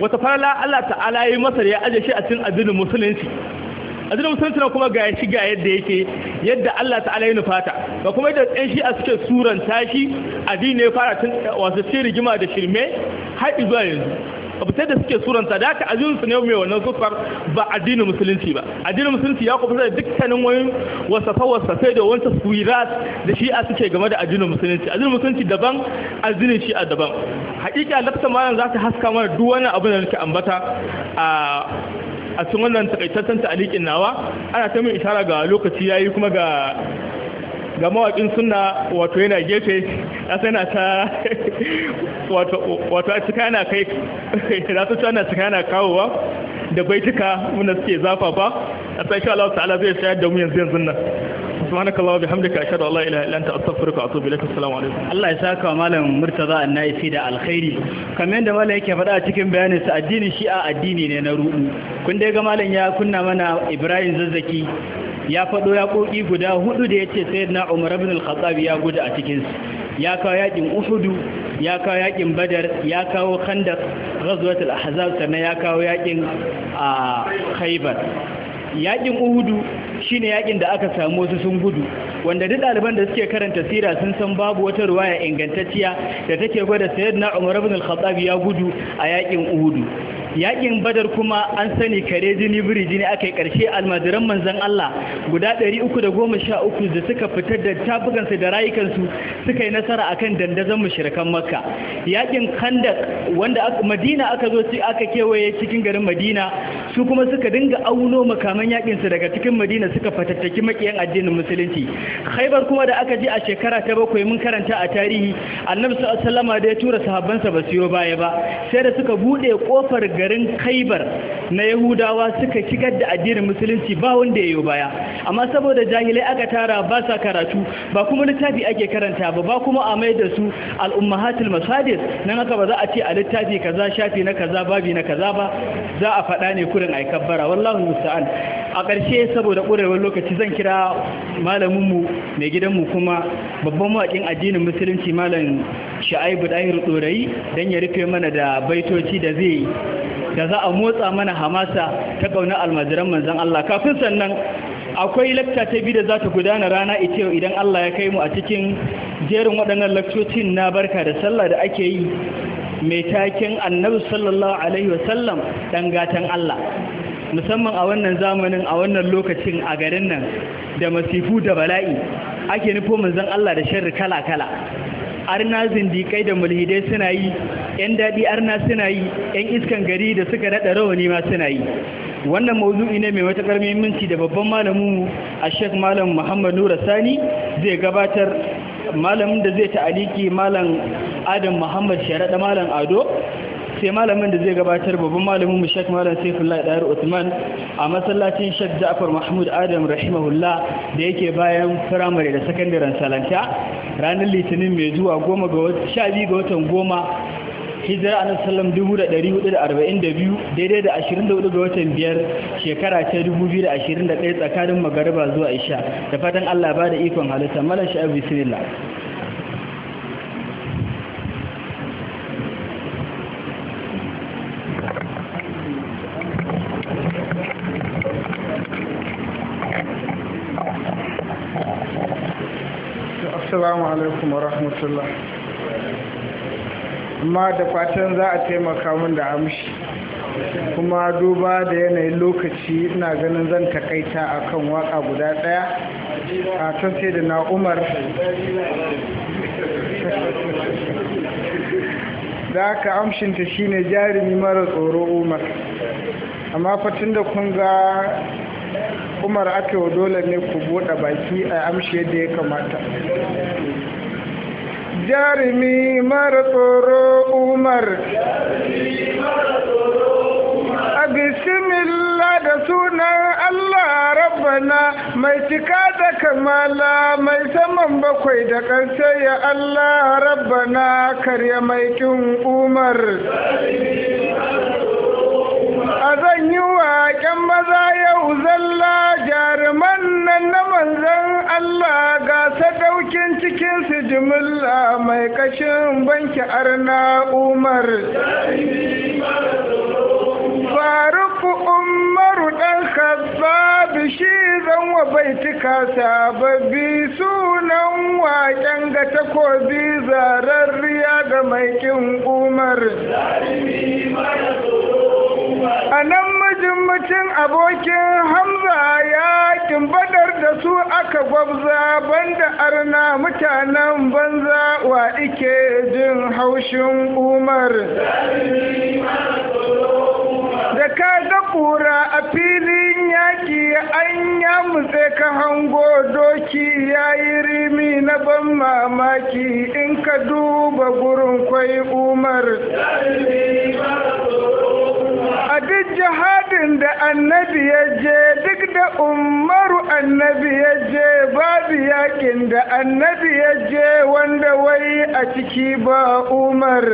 wata farala Allah ta'ala ya yi masa da ya aje shi a cikin addinin musulunci annabi sallallahu kuma ga shi ga yadda yake yadda Allah ta'ala ya nufata ba kuma yadda ɗan shi a suke suran tashi addini ya fara tun wasu sai rigima da shirme har zuwa yanzu abu sai da suke suranta da aka ajin su ne mai wannan sufar ba addinin musulunci ba addinin musulunci ya kuma da dukkanin wani wasafa wasafe da wanta suwirat da a suke game da addinin musulunci addinin musulunci daban addinin a daban hakika lafta malam za ta haska mana duk wani abin da nake ambata a a cikin wannan takaitaccen ta'alikin nawa ana ta min ishara ga lokaci yayi kuma ga ga mawaƙin suna wato yana gefe ya na ta [LAUGHS] wato a cika yana kai da su tana cika yana kawowa da baituka wanda suke zafafa a sai insha Allah ta'ala zai shayar da mu yanzu yanzu nan subhanakallahu wa bihamdika ashhadu an la ilaha illa anta astaghfiruka wa atubu assalamu alaikum Allah ya saka malam murtaza da alkhairi kamar yadda malam yake faɗa cikin bayanin sa addinin shi'a addini ne na ruɗu kun dai ga malam ya kunna mana Ibrahim Zazzaki ya faɗo yaƙoƙi guda hudu da ya ce sai na umar abin al ya gudu a cikinsu ya kawo uhudu ya kawo badar ya kawo khandar razuwat al-ahzab sannan ya kawo yakin a ah, khaibar yakin uhudu shine yakin da aka samu wasu sun gudu wanda duk ɗaliban da suke karanta sira sun san babu wata ruwaya ingantacciya da take gwada sayyidina umar ibn al-khattab ya gudu a yakin uhudu yakin badar kuma an sani kare jini biri jini aka yi ƙarshe manzan Allah guda 313 da suka fitar da tafukansu da rayukansu suka yi nasara akan dandazon mushrikan makka yakin kandak wanda madina aka zo ci aka kewaye cikin garin madina su kuma suka dinga auno makaman yakinsu daga cikin madina suka fatattaki makiyan addinin musulunci khaibar kuma da aka ji a shekara ta bakwai mun karanta a tarihi annabi sallallahu alaihi wasallam da ya tura sahabbansa ba su yi baya ba sai da suka bude kofar garin khaibar na yahudawa suka shigar da addinin musulunci ba wanda ya yi baya amma saboda jahilai aka tara ba sa karatu ba kuma littafi ake karanta ba ba kuma a mai da su al'ummahatul masadis nan haka ba za a ce a littafi kaza shafi na kaza babi na kaza ba za a faɗa ne kurin ai kabbara wallahi musta'an a ƙarshe saboda ƙurewar lokaci zan kira malaminmu mai gidanmu kuma babban mawaƙin addinin musulunci malam sha'ibu ɗahir tsorayi don ya rufe mana da baitoci da zai yi da za a motsa mana hamasa ta ƙauna almajiran manzan Allah kafin sannan akwai lakta ta biyu da za ta gudana rana ita yau idan Allah ya kai mu a cikin jerin waɗannan laktocin na barka da sallah da ake yi mai takin annabi sallallahu alaihi wasallam ɗan gatan Allah musamman a wannan zamanin a wannan lokacin a garin nan da masifu da bala'i ake nufo manzon Allah da sharri kala-kala arna zindikai da mulhidai suna yi yan daɗi arna suna yi yan iskan gari da suka naɗa rawani ma suna yi wannan mawuzu'i ne mai matuƙar muhimmanci da babban malamu a shek malam muhammad nura sani zai gabatar malamin da zai ta'aliki malam adam muhammad sharaɗa malam ado sai malamin da zai gabatar babban malamin mu Sheikh Malam Saifullah Dayar Uthman a masallacin Sheikh ja'afar Mahmud Adam rahimahullah da yake bayan firamare da sakandaren Salanta ranar Litinin mai zuwa 10 ga 12 ga watan 10 hijira a sallam biyu daidai da 24 ga watan biyar shekara ta 2021 tsakanin magariba zuwa isha da fatan Allah ba da ikon halitta malar sha'ar bismillah assalamu alaikum rahmatullah amma da fatan za a taimaka min da amshi kuma duba da yanayin lokaci ina ganin zan takaita a kan waka guda ɗaya, a can sai da na umar da aka amshinta shine jarumi mara tsoro umar amma fatin da kun ga umar ake dole ne ku buɗe baki a amshi yadda ya kamata jarumi mara tsoro umar a bismillah da sunan allah rabbana mai cika da kamala mai saman bakwai da ƙarshe ya allah rabbana karya mai kin umar a zan yi waƙen maza yau zalla jaruman Allah ga sadaukin cikin su jimilla mai kashin banki arna Umar. Faruku Umaru ɗan Khabbab shi zan wa baitika sababi sunan waƙen ga takobi zararriya ga mai kin Umar. A nan mutum abokin Hamza ya kimbadar da su aka gwabza banda arna mutanen banza wa ike jin haushin Umar. Da ka ga a filin yaƙi an ya ka hango doki ya yi rimi na ban mamaki in ka duba gurin kwai Umar. a duk jihadin da annabi ya je duk da umaru annabi ya je babu yakin da annabi ya je wanda wai a ciki ba umar A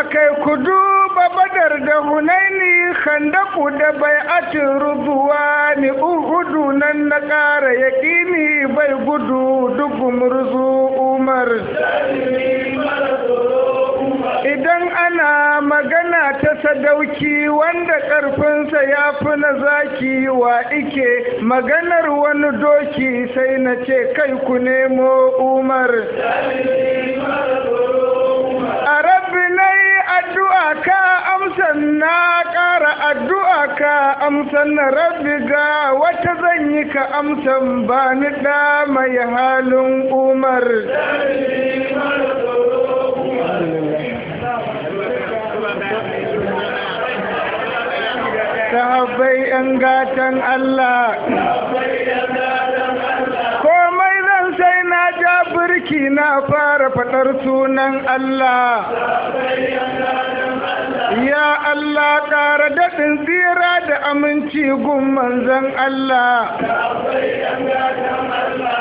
akai duba badar da hunaini khandaku da bai'atin ruduwani uhudu nan na ƙara yaƙini bai gudu duk murzu umar idan ana magana ta sadauki wanda ƙarfinsa ya fi na zaki wa ike maganar wani doki sai na ce kai ku nemo umar a rabbi na yi addu'a ka amsan na ƙara addu'a ka amsan na rabbi ga wata zan yi ka amsan ba ni ɗa mai halin umar sahabbai yan gatan Allah komai zan sai na ja birki na fara faɗar sunan Allah ya Allah ƙara daɗin tsira da aminci gun manzan Allah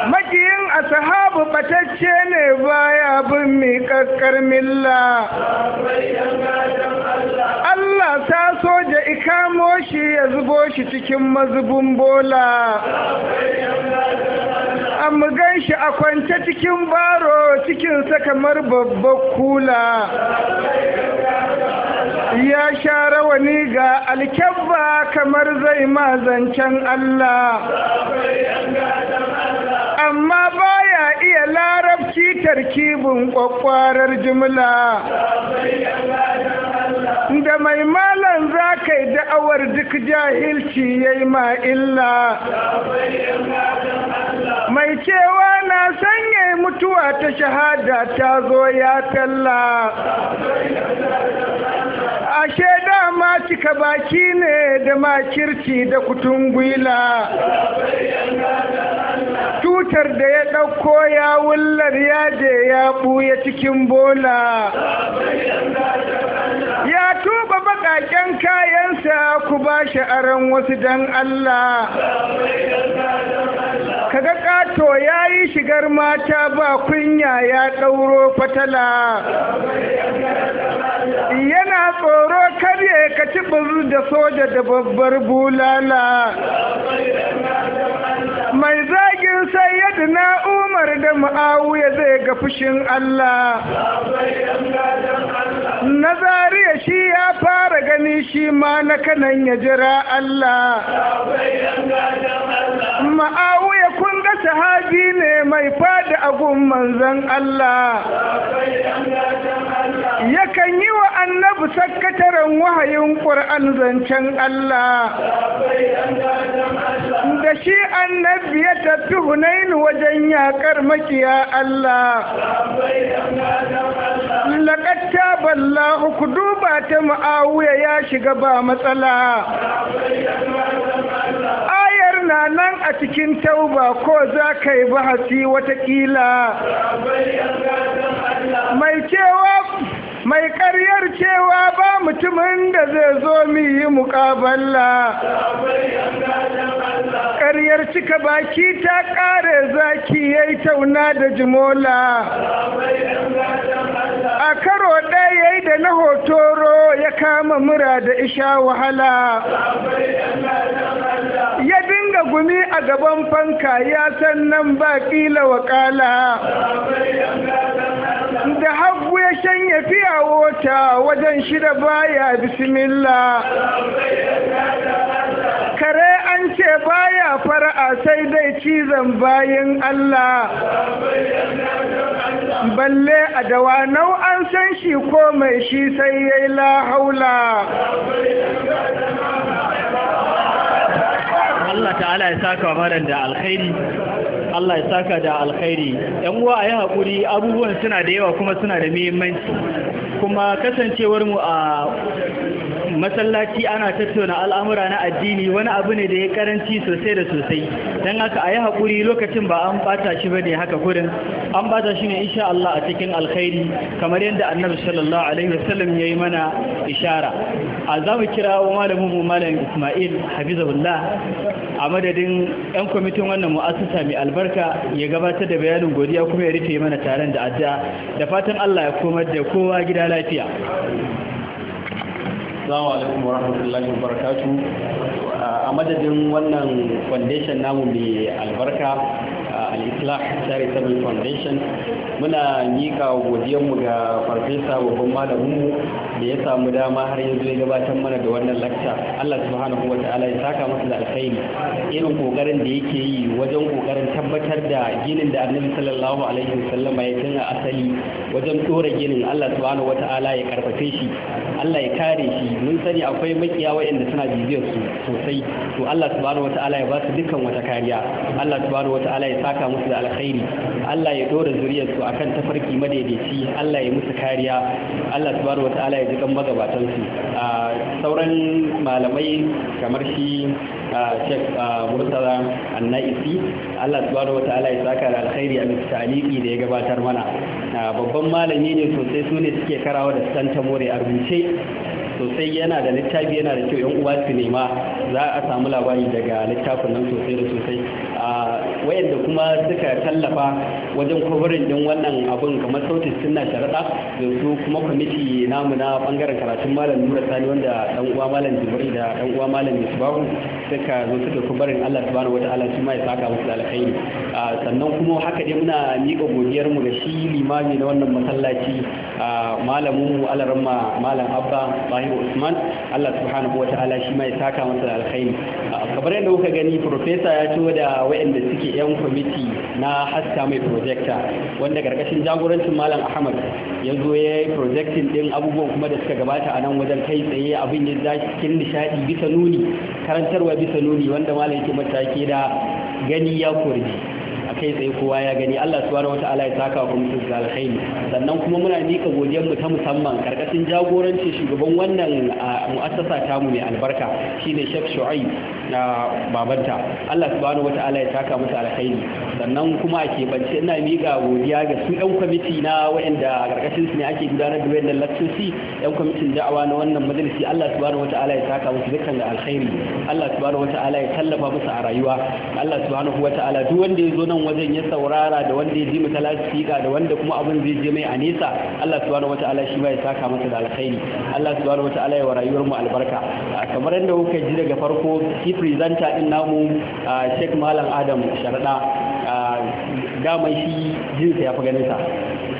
makiyin sahabu ɓatacce ne baya bin miƙaƙƙar milla Allah ta soja ikamo shi ya zubo shi cikin mazubin bola mu gan shi a kwance cikin baro cikinsa kamar babbar kula ya sha rawani ga alkyabba kamar zai ma zancen Allah amma baya iya larabci tarkibin kwakwarar jimla da mai malan za ka yi da'awar duk jahilci ya yi illa mai cewa na sanya mutuwa ta shahada ta zo ya talla cika baki ne da makirci da kutun gwila tutar da ya ɗauko ya wullar ya je ya ɓuya cikin bola ya tuba baƙaƙen kayansa ku ba shi aron wasu don Allah kaga ƙato ya yi shigar mata ba kunya ya ɗauro fatala yana tsoro ce ka buru da soja da babbar bulala mai zagin sayyid na umar da ma'awuya zai ga fushin Allah Na nazariya shi ya fara gani shi ma na kanan ya jira Allah ma'awuya kun ga sahabi ne mai fada agun manzan Allah yakan yi annabi sakataren wahayin ƙur'an zancen Allah da shi annabi ya tafi hunain wajen yaƙar makiya Allah laƙatta ballahu ku duba ta ma'awuya ya shiga ba matsala ayar na nan a cikin tauba ko za ka yi bahasi wataƙila. mai cewa mai karyar cewa ba mutumin da zai zo mu yi muƙaballa karyar cika baki ta ƙare zaki ya yi tauna da jimola a karo ɗaya da na hotoro ya kama mura da isha wahala ya dinga gumi a gaban fanka ya san nan ba ƙila wakala da hagu ya shanye fiya wota wajen shida baya bismillah kare an ce baya fara'a sai dai cizon bayan Allah balle a dawa nau an san shi ko mai shi sai yayi la haula Allah ta'ala ya saka maran da alkhairi Allah ya saka da alkhairi yan uwa ayi hakuri abubuwan suna da yawa kuma suna da muhimmanci muhimmanci kuma kasancewar mu a masallaci ana tattauna al'amura na addini wani abu ne da ya karanci sosai da sosai don haka a yi haƙuri lokacin ba an bata shi ba ne haka gurin an bata shi ne insha Allah a cikin alkhairi kamar yadda annabi sallallahu alaihi wasallam ya yi mana ishara a za mu kira wa malamin mu malam ismail hafizahullah a madadin yan kwamitin wannan mu'assasa mai albarka ya gabatar da bayanin godiya kuma ya rufe mana taron da addu'a da fatan Allah ya komar da kowa gida lafiya Assalamu alaikum wa rahmatullahi wa barakatu. A madadin wannan foundation namu mai albarka al-Islah Charitable Foundation muna mika godiyanmu ga farfesa babban mu da ya samu dama har yanzu ya gabatar mana da wannan lakta Allah subhanahu wa ta'ala ya saka masa da alkhairi irin kokarin da yake yi wajen kokarin tabbatar da ginin da Annabi sallallahu alaihi wasallam ya a asali wajen tsora ginin Allah subhanahu wa ta'ala ya karfafe shi Allah ya kare shi mun sani akwai makiya waɗanda suna bibiyar su sosai to Allah subhanahu wa ta'ala ya ba su dukkan wata kariya Allah subhanahu wa ta'ala ya saka musu da alkhairi Allah ya dora zuriyarsu akan tafarki madaidaici Allah ya musu kariya Allah subhanahu ta'ala ya ji kan magabatan su sauran malamai kamar shi Sheikh Murtala Annaisi Allah subhanahu ta'ala ya saka da alkhairi a taliki da ya gabatar mana babban malami ne sosai su ne suke karawa da Santa More a rubuce sosai yana da littafi yana da kyau yan uwa su nema za a samu labari daga littafin nan sosai da sosai a wayanda kuma suka tallafa wajen kwabarin din wannan abin kamar sautin suna sharaɗa da su kuma kwamiti namu na bangaren karatun malam nura sani wanda ɗan uwa malam jibri da ɗan uwa malam yusbahu suka zo suka fi barin Allah subhanahu wataala ma saka musu alkhairi sannan kuma haka dai muna miƙa godiyar mu ga shi limami na wannan masallaci malamin mu rahma malam abba bahiru usman Allah subhanahu wataala shi ma ya saka da alkhairi kamar yadda kuka gani professor ya ciwo da waɗanda suke yan kwamiti na haska mai projector wanda karkashin jagorancin malam ahmad ya zo ya yi projecting din abubuwan kuma da suka gabata a nan wajen kai tsaye abin ya dakin cikin nishadi bisa nuni karantarwa bisa nuni wanda malam yake mataki da gani ya kori a kai tsaye kowa ya gani Allah subhanahu wataala ya saka wa mutum da alkhairi sannan kuma muna mika godiyar mu ta musamman karkashin jagorancin shugaban wannan mu'assasa ta mu mai albarka shine Sheikh Shu'ayb na babanta Allah subhanahu wataala ya saka musu alkhairi sannan kuma a bance ina mika godiya ga su ɗan kwamiti na waɗanda karkashin su ne ake gudanar da wayannan lakcoci ɗan kwamitin da'awa na wannan majalisi Allah subhanahu wataala ya saka musu dukkan da alkhairi Allah subhanahu wataala ya tallafa musu a rayuwa Allah subhanahu wataala duk wanda ya zo nan nan wajen ya saurara da wanda ya ji mata lasifika da wanda kuma abin zai je mai a nesa Allah subhanahu wataala shi ma ya saka masa da alkhairi Allah subhanahu wataala ya wa rayuwar mu albarka kamar yadda kuka ji daga farko ki presenter din namu Sheikh Malam Adam Sharada damar shi jinsa ya fi ganinsa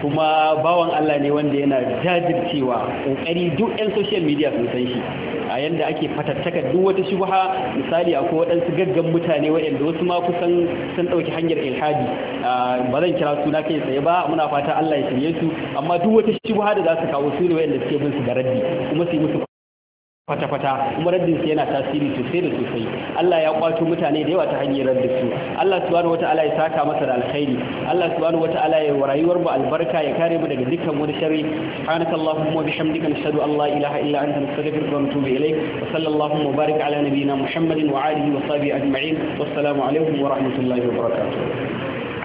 kuma bawan Allah ne wanda yana jajircewa ƙoƙari duk 'yan social media sun san shi a yanda ake fatattaka duk wata shubha misali akwai waɗansu gaggan mutane waɗanda wasu ma kusan sun ɗauki hanyar ilhadi ba zan kira suna kai tsaye ba muna fata Allah ya shirye su amma duk wata shubha da za su kawo su ne waɗanda suke bin su da raddi kuma su yi musu kwata-kwata kuma raddin yana tasiri sosai da sosai Allah ya kwato mutane da yawa ta hanyar raddin su Allah subhanahu wataala ya saka masa da alkhairi Allah subhanahu wataala ya rayuwar mu albarka ya kare mu daga dukkan wani sharri subhanaka allahumma bihamdika nashhadu an la ilaha illa anta nastaghfiruka wa natubu ilayk wa sallallahu wa barik ala nabiyyina muhammadin wa alihi wa sahbihi ajma'in wassalamu alaikum wa rahmatullahi wa barakatuh